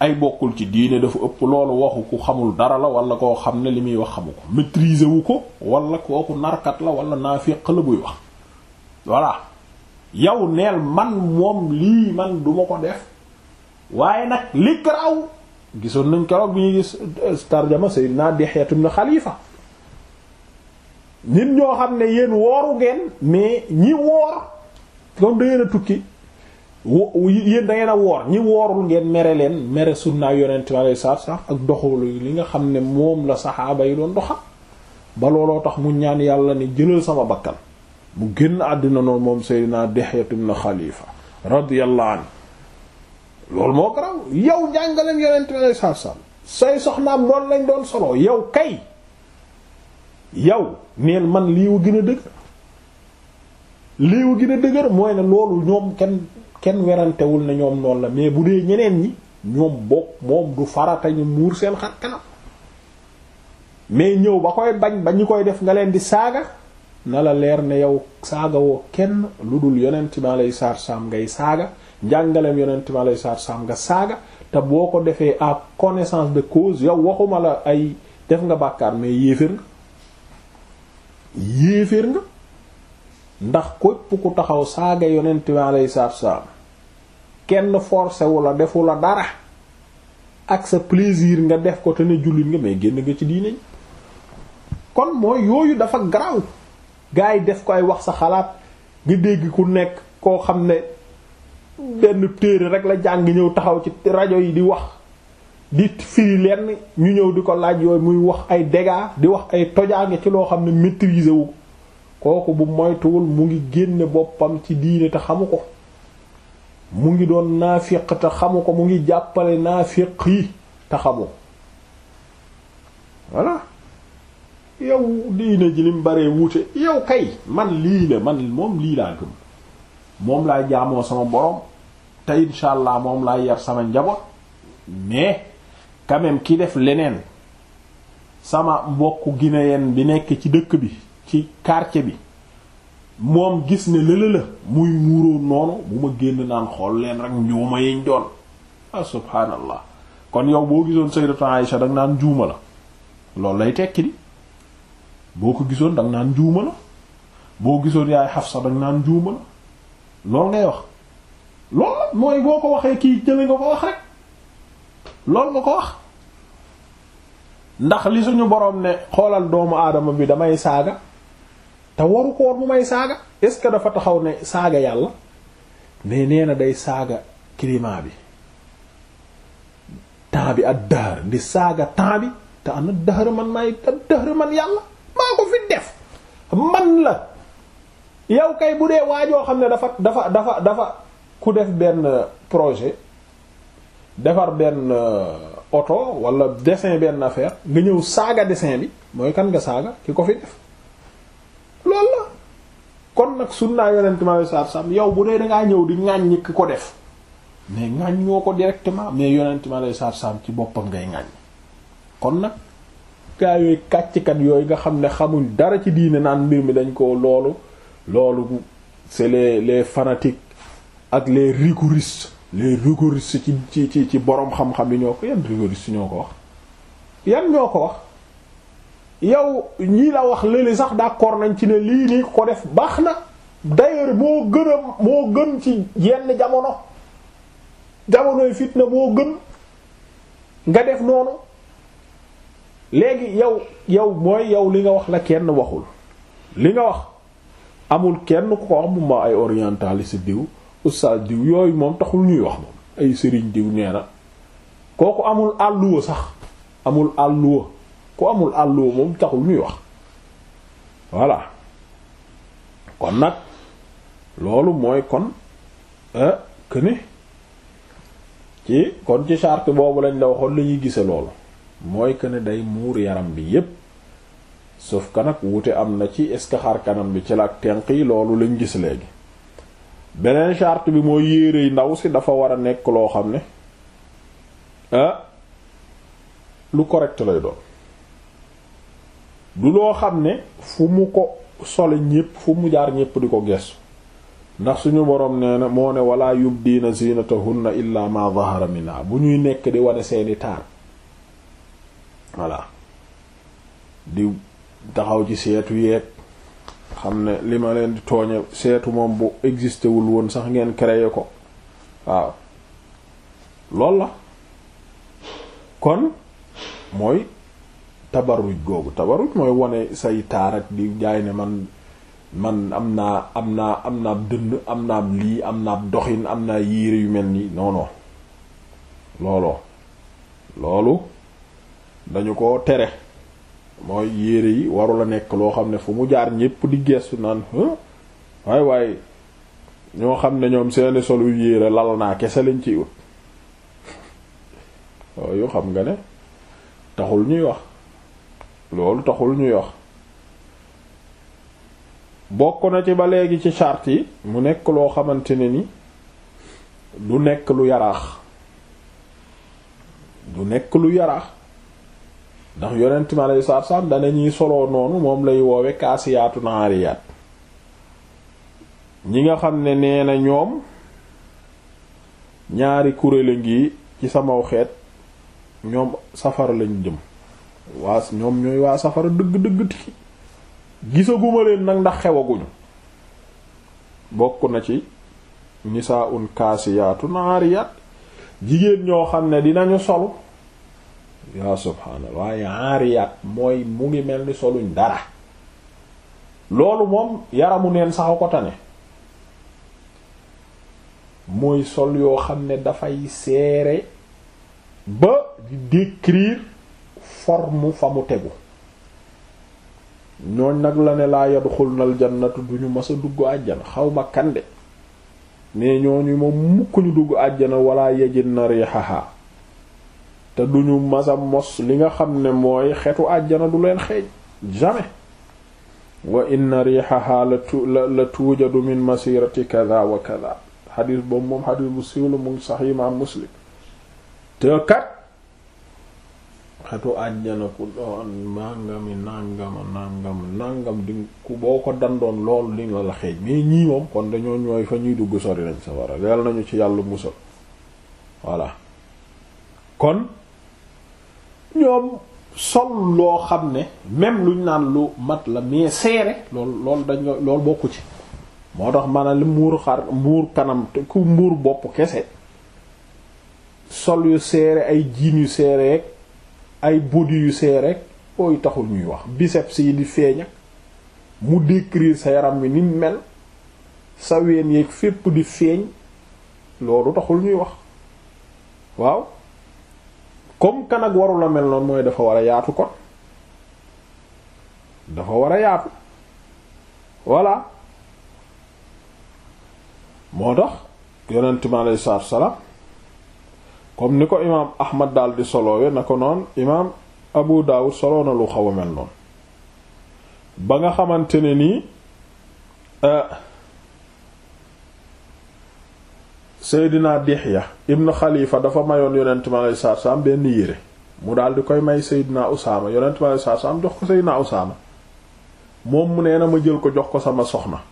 A: ay bokkul ci diine dafa ëpp loolu waxu ku xamul dara la wala koo xam ne li muy wax xamu ko maîtriser wu ko wala kooku narkat la wala naafiq la buy wax voilà yow neel man moom lii man duma ko def waaye nag li garaaw gisoon nañ keroog bi ñu gis euh, tarjama sayyidina Dihya ibn Khalifa nit ñoo xam ne yéen wooru ngeen mais ñi woor kon da ngeen tukki yéen da ngeen a woor ñi woorul ngeen mere leen mere sunnaa yonent alayhi salaatu salaam ak doxalu li nga xam ne moom la saxaaba yi doon doxal ba looloo tax mu ñaan yàlla ne jëlal sama bakkan mu génn àddina noonu moom Seydina Dihya ibn Khalifa radiyallahu anhu loolu moo garaw yow jàngaleem yonent alayhi salaatu salaam say soxnaam loolu lañ doon solo yow kay yow neen man lii wu gën a dëgër lii gën a dëgër mooy ne loolu ñoom kenn kenn werantewul ne ñoom noonu la mais bu dee ñeneen ñi ñoom bokk moom du farata ñu muur seen xar kanam mais ñëw ba koy bañ ba ñu koy def nga leen di saaga na la leer ne yow saaga kenn lu dul yonent mi alayhi salaatu salaam ngay saaga njàngaleem yonent mi alayhi salaatu salaam nga saaga te boo ko defee à connaissance de cause yow waxuma la ay def nga bàkkaar mais yéeféer nga yéeféer nga ndax képp ku taxaw saaga yonent bi lay salaatu wassalaam kenn forcé la defu la dara ak sa plaisir nga def ko te ne jullit nga mais génn nga ci diine kon mooy yooyu dafa garaaw gars yi def ko ay wax sa xalaat nga dégg ku nekk koo xam ne benn téere rek la jàng ñëw taxaw ci rajo yi di wax di firi lenn ñu ñëw di ko laaj yooyu muy wax ay dégâts di wax ay tojaange ci loo xam ne maîtriser wu kooku bu moytuwul mu ngi génne boppam ci diine te xamu ko mu ngi doon naafiq te xamu ko mu ngi jàppale naafiq yi te xamu ko yow diine ji lim baree wuute yow kay man lii la man moom lii laa gëm moom laa jaamoo sama borom te incha allah moom laa yar sama njabo mais quand même ki def leneen sama mbokk guinéen bi nekk ci dëkk bi ci quartier bi moom gis ne lëla la muy muuroo noonu bu ma génn naan xool leen rek njuuma yiñ doon ah subhaanallah kon yow boo gisoon sayyidatu Aïsha danga naan njuuma la loolu lay tekki di boo ko gisoon danga naan njuuma la boo gisoon yaay Xafsa danga naan njuuma la loolu ngay wax loolu la mooy boo ko waxee kii jële nga ko wax rek loolu ma ko wax ndax li suñu boroom ne xoolal doomu aadama bi damay saaga te waru ko mu may saaga est ce que dafa taxaw ne saaga yàlla mais nee na day saaga climat bi temps bi ak dëhër di saaga temps bi te am dëhër man maay dëhër man yàlla maa ko fi def man la yow kay bu dee waajoo xam ne dafa dafa dafa dafa ku def benn projet defar benn euh, oto wala dessin benn affaire nga ñëw saaga dessin bi mooy kan nga saaga ki ko fi def loolu kon nag naa yonent ma saa sam yow bu dee dangaa ñëw di ŋaañ ñëkk ko def mais ŋaañ ñoo ko directement mais yonent ma saa sam ci boppam ngay ŋaañ kon nag gaa yooyu kàcckat yooyu nga xam ne xamuñ dara ci diine naan mbir mi dañ koo loolu loolu c'est les les fanatiques ak les rigoristes les rigoristes ci ci ci ci borom xam-xam yi ñoo ko yan rigoristes ñoo ko wax yan ñoo ko wax yow ñii la wax lële sax d'accord nañ ci ne lii nii ko def baax na d'ailleurs moo gën a moo gën ci yenn jamono jamonoy fitna moo gën nga def noonu léegi yow yow mooy yow li nga wax la kenn waxul li nga wax amul kenn ku ko wax bu ma ay orientaliste diw oustaz diw yooyu moom taxul ñuy wax moom ay sëriñ diw nee na kooku amul àlluwa sax amul àlluwa ku amul àlloo moom taxul ñuy wax voilà kon nag loolu mooy kon këne euh, ci kon ci charte boobu lañ la waxoon la ñuy gise loolu mooy këne day muur yaram bi yépp sauf ka nag wuute am na ci est-ce que xar kanam bi ci la ak tenq yi loolu lañ gis léegi beneen charte bi mooy yére yi ndaw si dafa war a nekk loo xam ne ah lu correct lay doon du loo xam ne fu mu ko sole ñépp fu mu jaar ñépp di ko gestu ndax suñu boroom nee na moo ne wala yubdiina zinatahunna illa ma zahara minha bu ñuy nekk di wane seeni taar voilà di taxaw ci seetu yeeg xam ne li ma leen di tooñe seetu moom bu existé wul woon sax ngeen créé ko waaw loolu la kon mooy tabarruj googu tabarruj mooy wone say taar ak di jaay ne man man am naa am naa am naa dënn am naa lii am naa doxin am naa yéere yu mel nii non non looloo loolu dañu ko tere mooy yére yi waru la nekk loo xam ne fu mu jaar ñépp di gestu naan waaye waaye ñoo xam ne ñoom seeni solu yére lal naa kese lañ ci ut yooyu xam nga ne taxul ñuy wax loolu taxul ñuy wax bokk na ci ba léegi ci charte yi mu nekk loo xamante ne ni du nekk lu yaraax du nekk lu yaraax ndax yonent mi aleyhi salaatu salaam dana ñuy soloo noonu moom lay woowe kaasiyaatu naariyaat ñi nga xam ne neena ñoom ñaari kuréel a ngi ci samaw xeet ñoom safara lañ jëm waa ñoom ñooy waa safara dëgg-dëgg ti gisaguma leen nag ndax xewaguñu bokk na ci nisaa un kaasiyaatun aariyaat jigéen ñoo xam ne dinañu solu yaa subhaanallah waaye aariyaat mooy mu ngi mel ni soluñ dara loolu moom yaramu neen sax ko tane mooy sol yoo xam ne dafay seere ba décrire forme fa mu tegu ñooñ nag la ne laa yadxulna aljannatu duñu masa dugg àjjana xawma kande mais ñooñu moom mukk ñu dugg àjjana wala yajidna rihaha te duñu masa mos li nga xam ne mooy xetu àjjana du leen xeej jamais wa inna rihaha la tuujadu min masirati kada wa kada xadis boobu moom xadis bu siiw mu ngi sax muslim te xetu àjjana ku doon nangami nangama nangam nangam di ku boo ko dandoon loolu di la la xeej mais ñii moom kon dañoo ñooy fa ñuy dugg sori nañ safara yàlla nañu ci yàlla musal voilà kon ñoom sol loo xam ne même luñ naan lu mat la mais seere loolu loolu dañ loolu bokku ci moo tax maanaam li muur xar muur kanam te ku muur bopp kese sol yu seere ay jiin yu seereeg ay body yu see rek ooy taxul ñuy wax biceps yi di feeña mu mu décrire sa yaram wi ni mel sa ween yeeg fépp di feeñ loolu taxul ñuy wax waaw comme kan ak warul mel noonu mooy dafa war a yaatu kon dafa war a yaatu voilà moo tax yonent mi alayhi salaatu salaam comme ni ko imaam ahmad daal di soloowe na ko noon imaam abu daawud soloo na lu xaw a mel noonu ba nga xamante ne nii euh, seydina dihya ibn xalifa dafa mayoon yonent mi aleyhi salaatu salaam benn yére mu daal di koy may seydina usaama yonent mi aleyhi salaatu salaam jox ko seydina usaama moom mu nee na ma jël ko jox ko sama soxna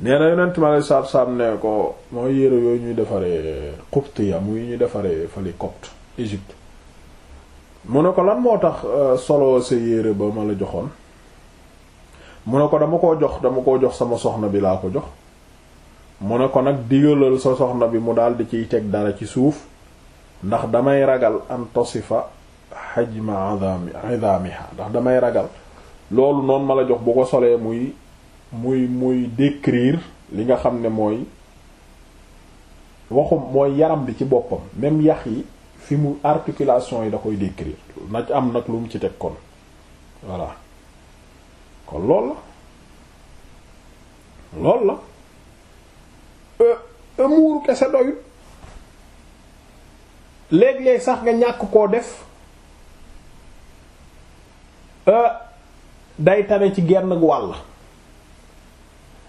A: nee na yonent saab saab ne ko mooy yére yooyu ñuy defaree Qubtiya muy ñuy defaree fële Copte mu ne ko lan moo tax euh, solo sa yére ba ma la joxoon mu ne ko dama koo jox dama koo jox sama soxna bi laa ko jox mu ne ko nag digalal sa soxna bi mu daal di ciy teg dara ci suuf ndax damay ragal an tasifa hajma adami adamiha ndax damay ragal loolu noonu ma la jox bu ko solee muy muy muy décrire li nga xam ne mooy waxum mooy yaram bi ci boppam même yax yi fi mu articulation yi da koy décrire na am nag lu mu ci teg kon voilà kon lool la lool la e, e muuru kese doyul léeg sax nga ñàkk koo def e, day tane ci genn wàll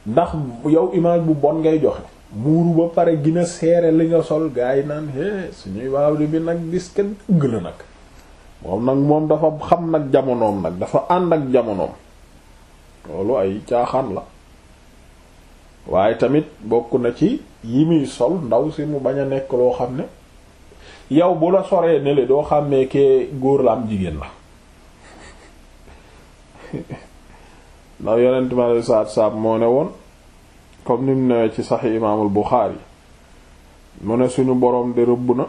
A: ndax yow image bu bon ngay joxe muuru ba pare gina seere li nga sol gars yi naan é suñuy waaw di bi nag gis kenn dëgg la nag moom nag moom dafa xam nag jamonoom nag dafa ànd ak jamonoom loolu la waaye tamit bokk na ci yi muy sol ndaw si mu bañ a nekk loo xam ne yow bu la soree ne le doo xàmmee kee góor la am jigéen la ndax yonent mi alei salaatu salaam moo ne woon comme nim newee ci saxi imaamul Buxaari mu ne suñu boroom de rëbb na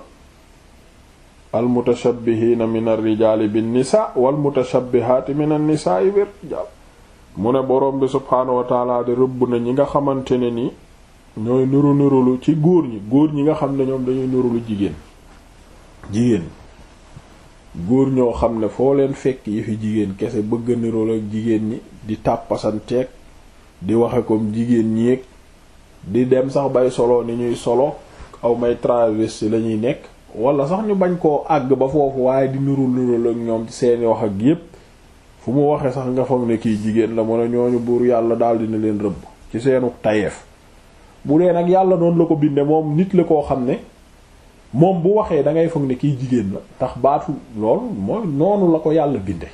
A: al almutashabbihiina min arrijaali binnisaa walmutashabbihaati min annisaai birrijaal mu ne boroom bi subhaanahu wa taala de rëbb na ñi nga xamante ne ni ñooy nuru nurulu ci góor ñi góor ñi nga xam ne ñoom dañuy nurulu jigéen jigéen góor ñoo xam ne foo leen fekk yi fi jigéen kese bëgg nirool ak jigéen ñi di tàppasanteeg di waxe comme jigéen ñeeg di dem sax bay solo ni ñuy solo aw may travesti la ñuy nekk wala sax ñu bañ koo àgg ba foofu waaye di niru nirool ak ñoom ci seeni wax ak yépp fu mu waxee sax nga foog ne kii jigéen la mën a ñu buur yàlla daal na leen rëbb ci seenu tayeef bu dee nag yàlla noonu la ko binde moom nit la koo xam ne moom bu waxee da ngay foog ne kiy jigéen la tax baatu loolu mooy noonu la ko yàlla binde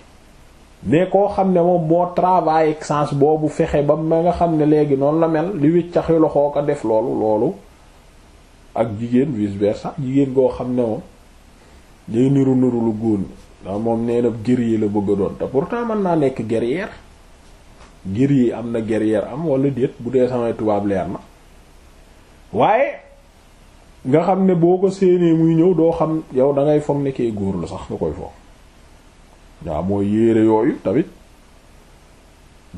A: ne koo xam ne moom moo travail ak sens boobu fexe ba ma nga xam ne léegi noonu la mel li wiccaxi loxoo ko def loolu loolu ak jigéen vice sax jigéen goo xam ne moom day niru niru lu góor ndax moom nee na guerrier la bëgg a doon te pourtant mën naa nekk guerrière guerrier am na guerrière am wala déet bu dee samay tubaab leer na waaye nga xam ne boo ko séenee muy ñëw doo xam yow dangay ngay foog nekkee góor la sax nga koy foog waaw mooy yéere yooyu tamit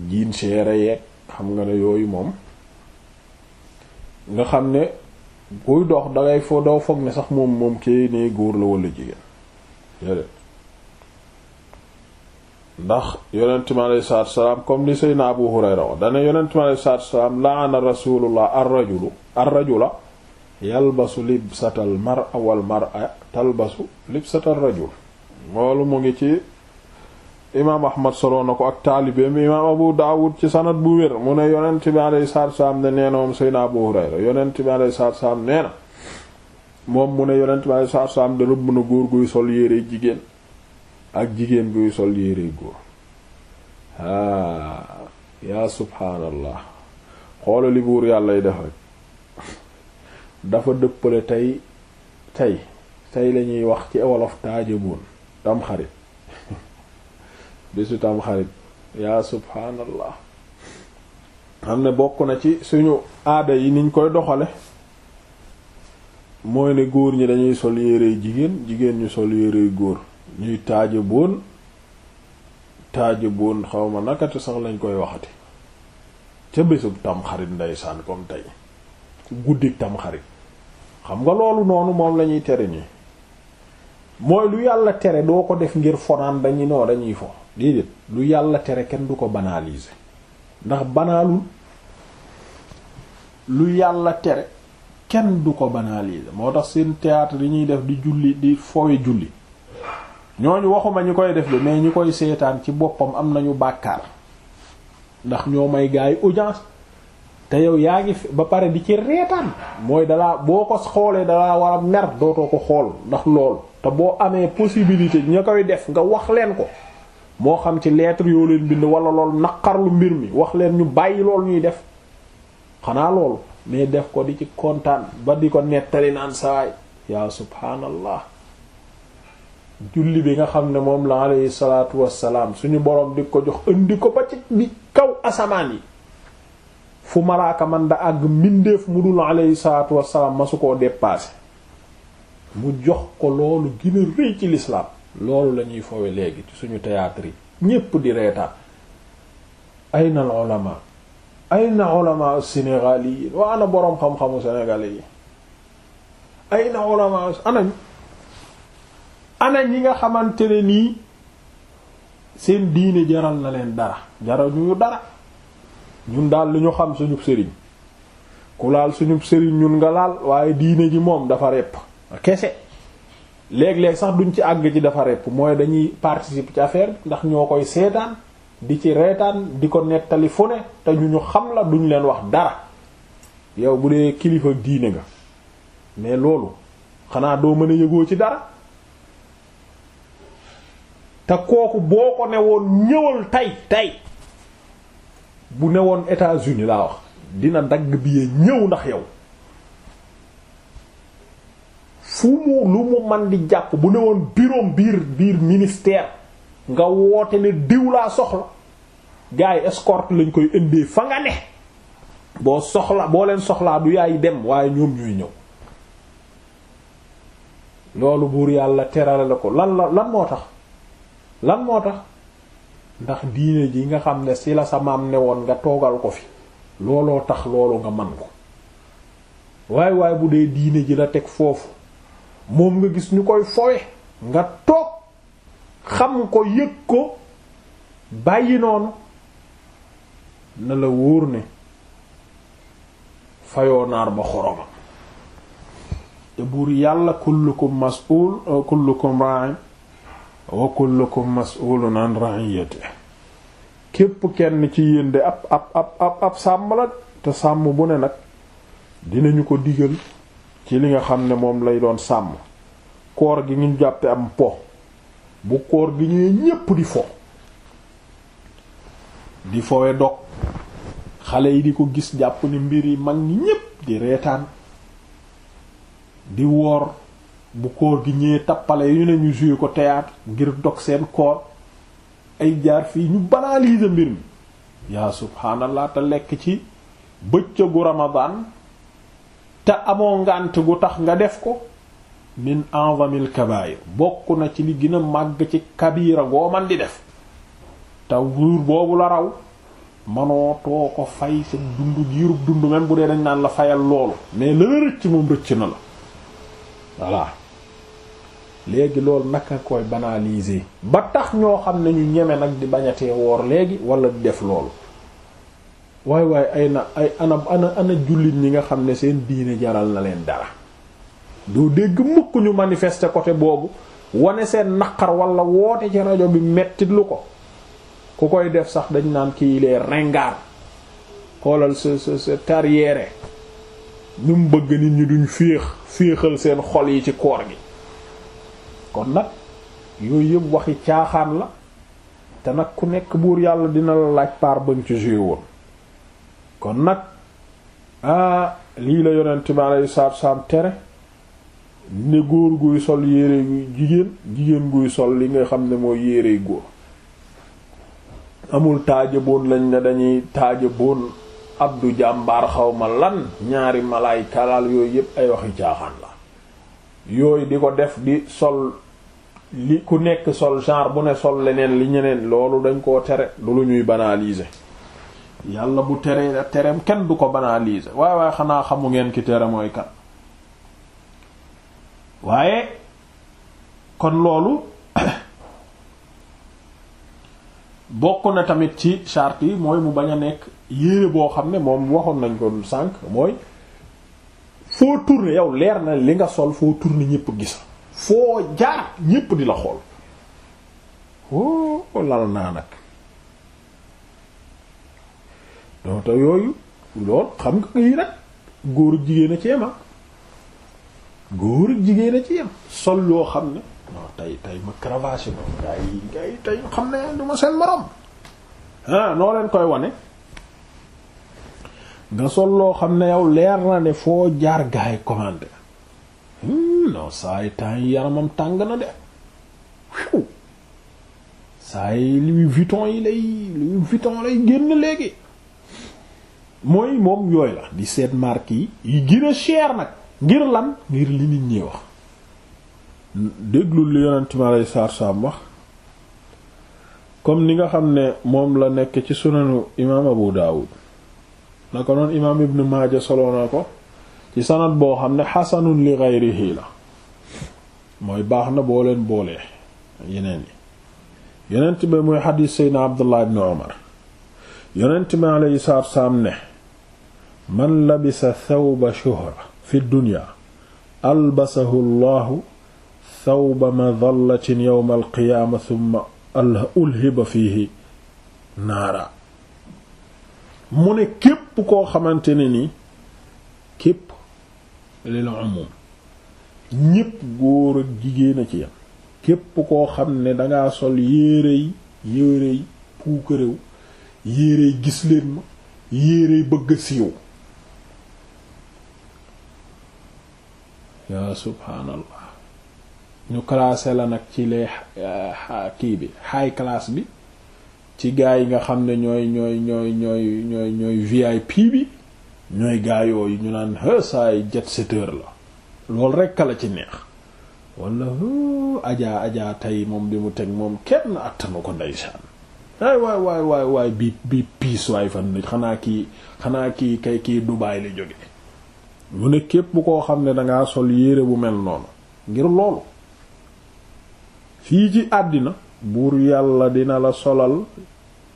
A: jiin seere yeeg xam nga ne yooyu moom nga xam ne kuy dox dangay fo doo foog ne sax moom moom kee ne góor la wala jigéen déedéet ndax yonent mi aleyhi salaatu salaam comme li naa Abu Hurayra wax dana yonent mi aleyhi salaatu salaam la'ana rasulullah ar-rajulu ar-rajula yalbasu libsatal mar'a wal mar'a talbasu libsatal rajul loolu mu ngi ci imaam ahmad soloo na ko ak taalibeem imaam abu daawud ci sanad bu wér mu ne yonent bi alayhi salaatu salaam ne nee moom mu ne yonent bi alayhi salaatu salaam da rëbb na góor guy sol yére jigéen ak jigéen guy sol yére góor yaa subhaanallah xoolali buur yàlla yi def rek dafa dëppale tey tey tey lañuy wax ci wolof taajaboon tam xarit bésu tam xarit yaa subhaanallah xam ne bokk na ci suñu aada yi niñ koy doxale mooy ne góor ñi dañuy sol yérey jigéen jigéen ñu sol yérey góor ñuy taajaboon taajaboon xawma nakatu sax lañ koy waxati ca bésub tamxarit xarit ndeysaan comme tey guddi tamxarit xam nga loolu noonu moom lañuy tere nii mooy lu yàlla tere doo ko def ngir fonaan dañuy noo dañuy fo déedéet lu yàlla tere kenn du ko banaliser ndax banaalul lu yàlla tere kenn du ko banaliser moo tax seen théâtre yi ñuy def di julli di fowe julli ñooñu waxuma ñi koy def li mais ñi koy seetaan ci boppam am nañu bàkkaar ndax ñoo may gaay audience te yow yaa ngi ba pare di ci reetaan mooy dalaa boo ko xoolee dalaa war a mer dootoo ko xool ndax loolu te boo amee possibilité ña koy def nga wax leen ko moo xam ci lettre yoo leen bind wala loolu naqarlu mbir mi wax leen ñu bàyyi lool ñuy def xanaa loolu mais def ko di ci kontaan ba di ko nettali naan saay yaa subhaanallah julli bi nga xam ne moom la alayhi salaatu wassalaam suñu borom di ko jox indi ko ba ci bi kaw asamaan yi fu malaaka man da àgg mbindeef mu dul alayhi salaatu ma su koo dépassé mu jox ko loolu gën a rëy ci lislaam loolu la ñuy foowe léegi ci suñu théâtre yi ñépp di reetaan ayna al ulama ayna ulama sénégaliyin boroom xam-xamu yi ayna ulama anañ ñi nga xamante nii seen diine jaral na leen dara jaral ñu dara ñun daal lu ñu xam suñu sëriñ ku laal suñu sëriñ ñun nga laal waaye diine ji moom dafa repp kese léeg-léeg sax duñ ci àgg ci dafa repp mooy dañuy participer ci affaire ndax ñoo koy seetaan di ci reetaan di ko nettali fu ne te ñu ñu xam la duñ leen wax dara yow bu dee kilifa diine nga mais loolu xanaa doo mën a yëgoo ci dara te kooku boo ko ne woon ñëwal tey tey bu newoon États-Unis laa wax dina dagg billet ñëw ndax yow fu mu lu mu man di jàpp bu newoon bureau biir biir ministère nga woote ne diw laa soxla gars yi lañ koy indee fa nga ne boo soxla boo leen soxlaa du yaay dem waaye ñoom ñuy ñëw loolu buur yàlla terale la ko lan la lan moo tax lan moo tax ndax diine ji nga xam ne si la sa maam ne woon nga toogal ko fi looloo tax loolu nga man ko waaye waaye bu dee diine ji la teg foofu moom nga gis ñu koy fowe nga toog xam ko yëg ko bàyyi noonu na la wóor ne fayoo naar ba xoroma te buur yàlla kullukum mas'ul kullukum ra'in wa kullukum mas'ulun an ra'iyatihi képp kenn ci yéen de ab ab ab ab sàmm la te sàmm bu ne nag dinañu ko digal ci li nga xam ne moom lay doon sàmm koor gi ñu jàppe am po bu koor gi ñuy ñépp di fo di fowe dog xale yi di ko gis jàpp ni mbir yi mag ñi ñépp di reetaan di woor bu koor gi ñëwee tappale yu ne ñu ko teyaat ngir dog seen koor ay jaar fii ñu banaliser mbir mi yaa subhaanallah te lekk ci bëccëgu ramadan te amoo ngànt gu tax nga def ko min a'zamil kabaa'ir bokk na ci li gina màgg ci kabira goo man di def te wuur boobu la raw manoo too ko fay sa dund giirub dund même bu dee dañ naan la fayal loolu mais la rëcc moom rëcc na la voilà léegi loolu naka koy banaliser ba tax ñoo xam ne ñu ñeme nag di bañatee woor léegi wala di def loolu waay waay ay na ay ana ana jullit ñi nga xam ne seen diine jaral na leen dara doo dégg mukk ñu manifester côté boobu wane seen naqar walla woote ci rajo bi mettit lu ko ku koy def sax dañ naan kii les ringards xoolal sa sa sa ñu mu bëgg nit ñi duñ féex féexal seen xol yi ci koor gi kon nag yooyu yëpp waxi caaxaan la te nag ku nekk buur yàlla dina la laaj paar bañ ci joué woon kon nag ah lii la yonent bi alayhi salaatu salaam tere ne góor guy sol yére jigéen jigéen guy sol li ngay xam ne mooy yérey góor amul taaja boon lañ ne dañuy taaja boon abdu jàmbaar xawma lan ñaari malaay kalaal yooyu yépp ay waxi caaxaan la yooyu di ko def di sol li ku nekk sol genre bu ne sol leneen li ñeneen loolu dañ koo tere du lu ñuy banaliser yàlla bu tere tereem kenn du ko banaliser waaye waaye xanaa xamu ngeen ki tere mooy kan waaye kon loolu bokk na tamit ci charte yi mooy mu bañ a nekk yére boo xam ne moom waxoon nañ ko sànk mooy foo tourner yow leer na li nga sol foo tourner ñépp gis foo jaar ñépp di la xool o oh, lal naa nag donc te yooyu lool xam nga yi nag góor ak jigéen a ci yem ah. góor ak jigéen a ci yem sol loo xam ne non tey tey ma cravaché moom gaa yi xam ne du ma seen morom ah noo leen koy wane nga sol loo xam ne yow leer na ne foo jaar gaa yi commandé hmm, non saa yi temps yi yaramam tàng na de saay yi Louis Vuitton yi lay Louis Vuitton lay génn léegi mooy moom yooyu la di seet marque yi yi gën cher nag ngir lan ngir li nit ñi wax déglul li yonent mi alayhi comme ni nga xam ne moom la nekk ci sunanu imaam Abu Daawud na ko noon imaam Ibn Maaja solo na ko ci sanad boo xam ne xasanu li gayrihi la mooy baax na boo leen boolee yeneen yi yonent bi muy xadiis Seydina Abdullah ibn Umar yonent bi alayhi salaatu salaam ne man labisa thawba shuhra fi dunya albasahu thawba madallatin yowma alqiyaama thumma ulhiba fiihi naara mu ne képp koo xamante ne ni képp lil umum ñépp góor ak jigéen a ci yam képp koo xam ne danga sol yéerey yéerey puukaréew yéerey gis leen ma yéerey bëgg a siiw yaa subhaanallah ñu classé la nag ci les euh, kii bi high class bi ci gaa yi nga xam ne ñooy ñooy ñooy ñooy ñooy ñooy VIP bi ñooy gaa yooyu ñu naan saay jet seteur la loolu rekk la ci neex wala ajaa ajaa tey moom bi mu teg moom kenn attanu ko ndeysaan waay waay waay waay waay bi piis waay fan nit xanaa kii xanaa kii kay kii Dubaay li jóge mu ne képp bu koo xam ne danga sol yére bu mel noonu ngir loolu fii ci àddina buur yàlla dina la solal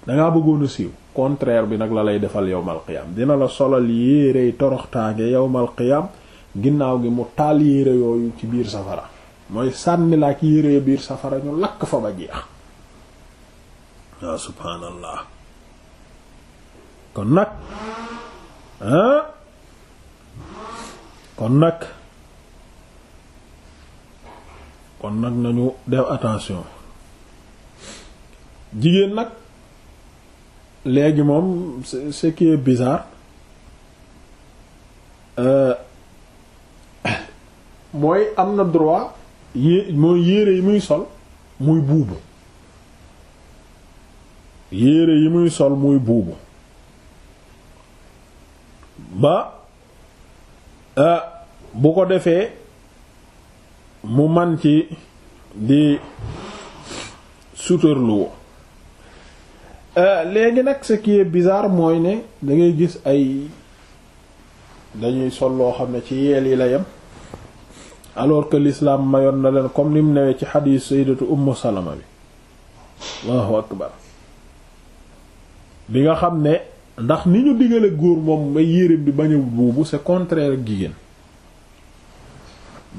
A: danga bëggoon a siiw contraire bi nag la lay defal yowmal qiyaam dina la solal yi toroxtaange yowmal qiyaam ginnaaw gi mu taal yére yooyu ci biir safara mooy sànni la ak yére biir safara ñu lakk fa ba jeex waaw subhaanallah kon nag ah kon nag kon nag nañu def attention jigéen nag léegi moom ce qui est bizarre euh, mooy am na droit yé mooy yére yi muy sol muy buubu yére yi muy sol muy buubu ba euh, bu ko defee mu man ci di suturluwo euh, léegi nag ce qui est mooy ne dangay gis ay dañuy sol loo xam ne ci yeel yi la yem alors que l'islam mayoon na leen comme mu newee ci xadiis sayyidatu ummu salama bi allahu akbar bi nga xam ne ndax ni ñu digale góor moom may yéreem bi bañ a buubu c'est contraire ak jigéen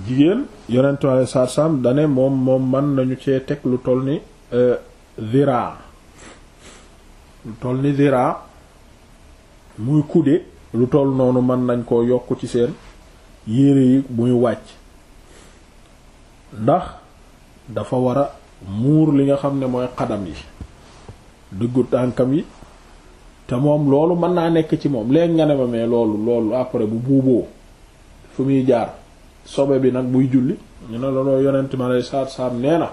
A: jigéen yonentu Yàlla saar dane moom moom man nañu cee teg lu toll ni euh, zira lu toll ni zira muy kude lu toll noonu mën nañ ko yokk ci seen yére yi muy wàcc ndax dafa war a muur li nga xam ne mooy xadam yi dëggu tànkam yi te moom loolu mën naa nekk ci moom léegi nga ne ma mais loolu loolu après bu buuboo fu muy jaar sobe bi nag muy julli ñu ne looloo yonent ma lay saat saam nee na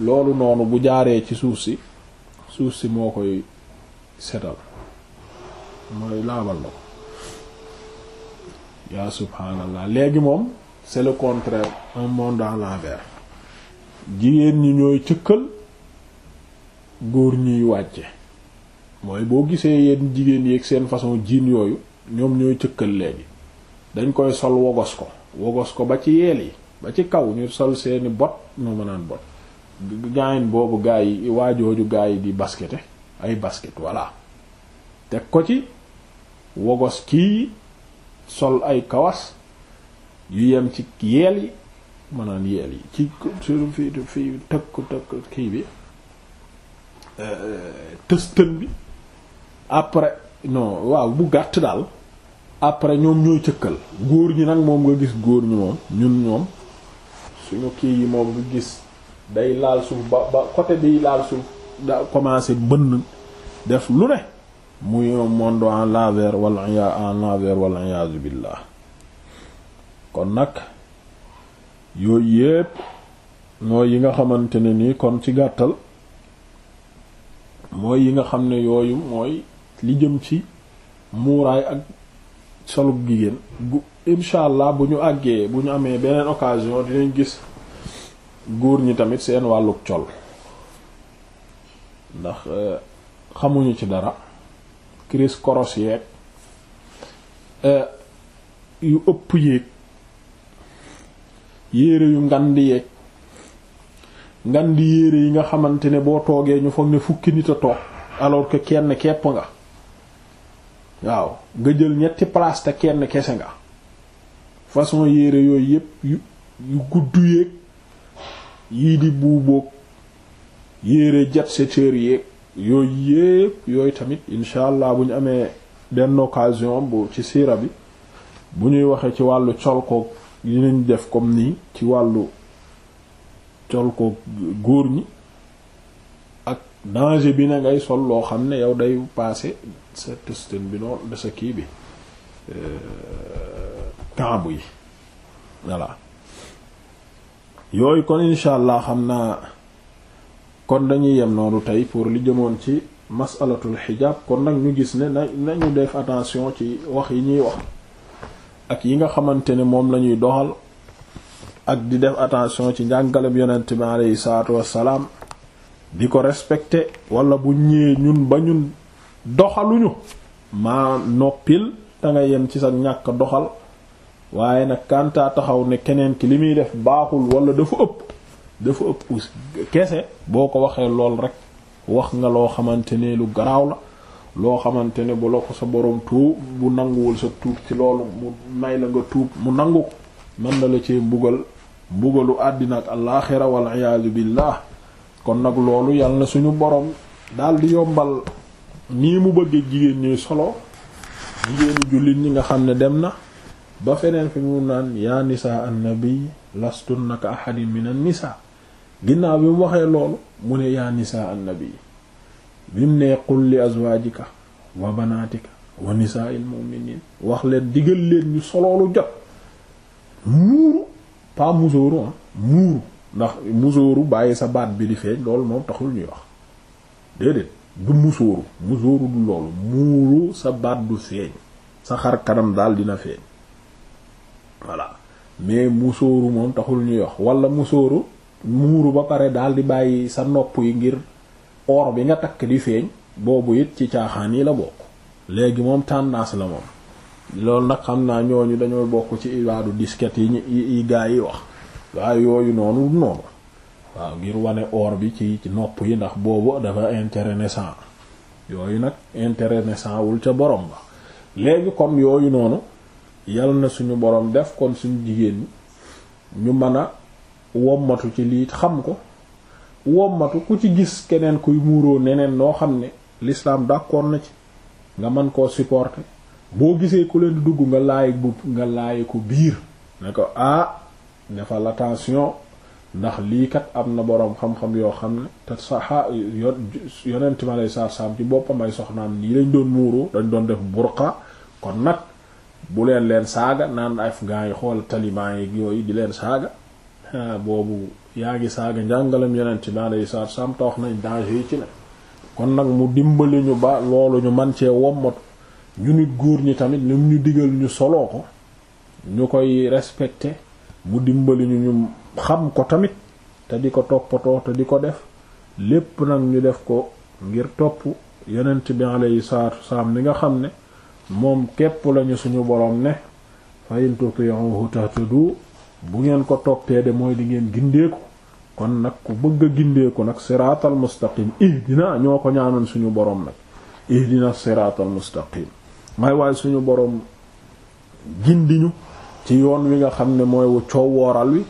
A: loolu noonu bu jaaree ci suuf si suuf si moo koy setal mooy laabal la ko yaa subhaanallah léegi moom c'est le contraire un monde à l'envers jigéen ñi ñooy cëkkal góor ñuy wàcce mooy boo gisee yéen jigéen yi ak seen façon jiin yooyu ñoom ñooy cëkkal léegi dañ koy sol wogos ko wogos ko ba ci yeel yi ba ci kaw ñu sol seeni bot no ma bot gaayin boobu gaa waajooju gaa di baskete ay basket voilà teg ko ci wogos kii sol ay kawas yu yem ci yeel yi maanaam yeel yi ci suñu fii fii tëkk tëkk kii bi euh, tëstën bi après no waaw bu gàtt daal après ñoom ñooy cëkkal góor ñi nag moom nga gis góor ñi moom ñun ñoom suñu kii yi moom nga gis day laal suuf ba ba côté bi laal suuf da commencé bënn def lu ne muy monde en laver wala en laver wala iyaazu billah kon nag yooyu yépp mooy yi nga xamante ne nii kon ci gàttal mooy yi nga xam ne yooyu mooy li jëm ci muuraay ak solub jigéen gu incha allah bu ñu àggee bu ñu amee beneen occasion dinañ gis góor ñi tamit seen wàllug col ndax euh, xamuñu ci dara crise koros yeeg euh, yu ëpp yéeg yére yu ngandi yeeg ngandi yére yi nga xamante ne boo toogee ñu foog ne fukki nit a toog alors que kenn kepp nga waaw nga jël ñetti place te kenn kese nga façon yére yooyu yépp yu yu gudd yéeg yii di buuboog yére jet seteur yéeg yooyu yépp yooyu tamit incha allah bu ñu amee benn occasion bu ci siira bi bu ñuy waxee ci wàllu colkoog yi ñu def comme nii ci wàllu colkoog góor ñi ak danger bi na ngay sol loo xam ne yow day passé sa testin bi noonu de sa kii bi kaabu yi voilà yooyu kon incha allah xam naa kon dañuy yem noonu tey pour li jëmoon ci masalatul xijaab kon nag ñu gis ne na nañu def attention ci wax yi ñuy wax ak yi nga xamante ne moom lañuy doxal ak di def attention ci njàngaleb yonent bi aleyhi salaatu wassalaam di ko respecté walla bu ñëwee ñun ba ñun doxaluñu ma noppil da nga ci sa ñàkk doxal waaye nag kantaa taxaw ne keneen ki li muy def baaxul wala dafa ëpp dafa ëpp kese boo ko waxee lool rek wax nga loo xamante ne lu garaaw la loo xamante ne bu ko sa boroom tuub bu nanguwul sa tuub ci loolu mu may la nga tuub mu nangu ko mën na la ci mbugal mbugalu àddina ak alaaxira wal iyaazu billah kon nag loolu yàlla na suñu boroom dal di yombal nii mu bëggee jigéen ñuy solo jigéenu jullit ñi nga xam ne dem na ba feneen fi mu naan yaa nisa annabi lastu ka ahadin minan nisa ginnaaw bi mu waxee loolu mu ne yaa nisa annabi bi mu nee qul li azwaajika wa banaatika wa nisaa'il mu'miniin wax leen digal leen ñu soloolu jot muuru pas musóoru ah muuru ndax musóoru bàyyi sa baat bi di feeñ loolu moom taxul ñuy wax déedéet du musóoru musóoru du loolu muuru sa baat du feeñ sa xar kanam daal dina feeñ voilà mais musóoru moom taxul ñuy wax wala musóoru muuru ba pare daal di bàyyi sa nopp yi ngir or bi nga takk di feeñ boobu it ci caaxaan yi la bokk léegi moom tendance la moom loolu nag xam naa ñooñu dañoo bokk ci ibaadu disket yi yi gaa yi wax waaye yooyu noonu noonu waaw ngir wane or bi ci nopp yi ndax boobu dafa intérêt naissant yooyu nag intérêt naissant wul ca borom ba léegi kon yooyu noonu yal na suñu borom def kon suñu jigéen ñi ñu mën a wommatu ci lii xam ko womatu ku ci gis keneen kuy muuroo neneen noo xam ne l'islam d'accord na ci nga mën koo supporter boo gisee ku leen di dugg nga laay bu nga laay ko biir ne ko ah defal attention ndax lii kat am na boroom xam-xam yoo xam ne te saxaa yonent ma lay saar-saam ci boppam ay soxnaam nii lañ doon muuroo dañ doon def burqa kon nag bu leen leen saaga naan afghan yi xool taliban yi yooyu di leen saaga boobu yaa ngi saaga njàngalam yonent ma lay saar-saam te wax nañ danger yi ci ne kon nag mu dimbali ñu ba loolu ñu man cee wommatu ñu nit góor ñi tamit lim ñu digal ñu soloo ko ñu koy respecté mu dimbali ñu ñu xam ko tamit te di ko toppatoo te di ko def lépp nag ñu def ko ngir topp yonent bi alayhi salaatu wasalaam li nga xam ne moom képp lañu suñu boroom ne fa in tuti'uhu tahtadu bu ngeen ko toppee de mooy di ngeen gindeeku kon nag ku bëgg a gindeeku nag siraatal mustaqim dina ñoo ko ñaanoon suñu boroom nag ihdina siraatal mustaqim may waaye suñu boroom gindiñu ci yoon wi nga xam ne mooy wu coowooral wi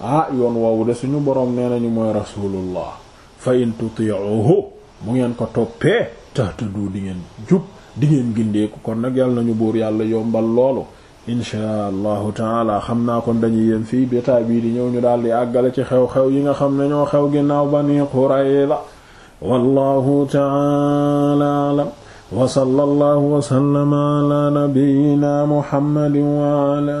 A: ah yoon woowu de suñu boroom nee nañu mooy rasulullah fa in tuti'uhu bu ngeen ko toppee tahtadu di ngeen jub di ngeen gindeeku kon nag yàlla nañu buur yàlla yombal loolu inchaa allahu taala xam naa kon dañuy yem fii bétaay bii di ñëw ñu daal di àggale ci xew-xew yi nga xam ne ñoo xew ginnaaw bani qurayza wallahu taala alam wa sallallahu wa sallama ala nabiyyina muhammadin wa ala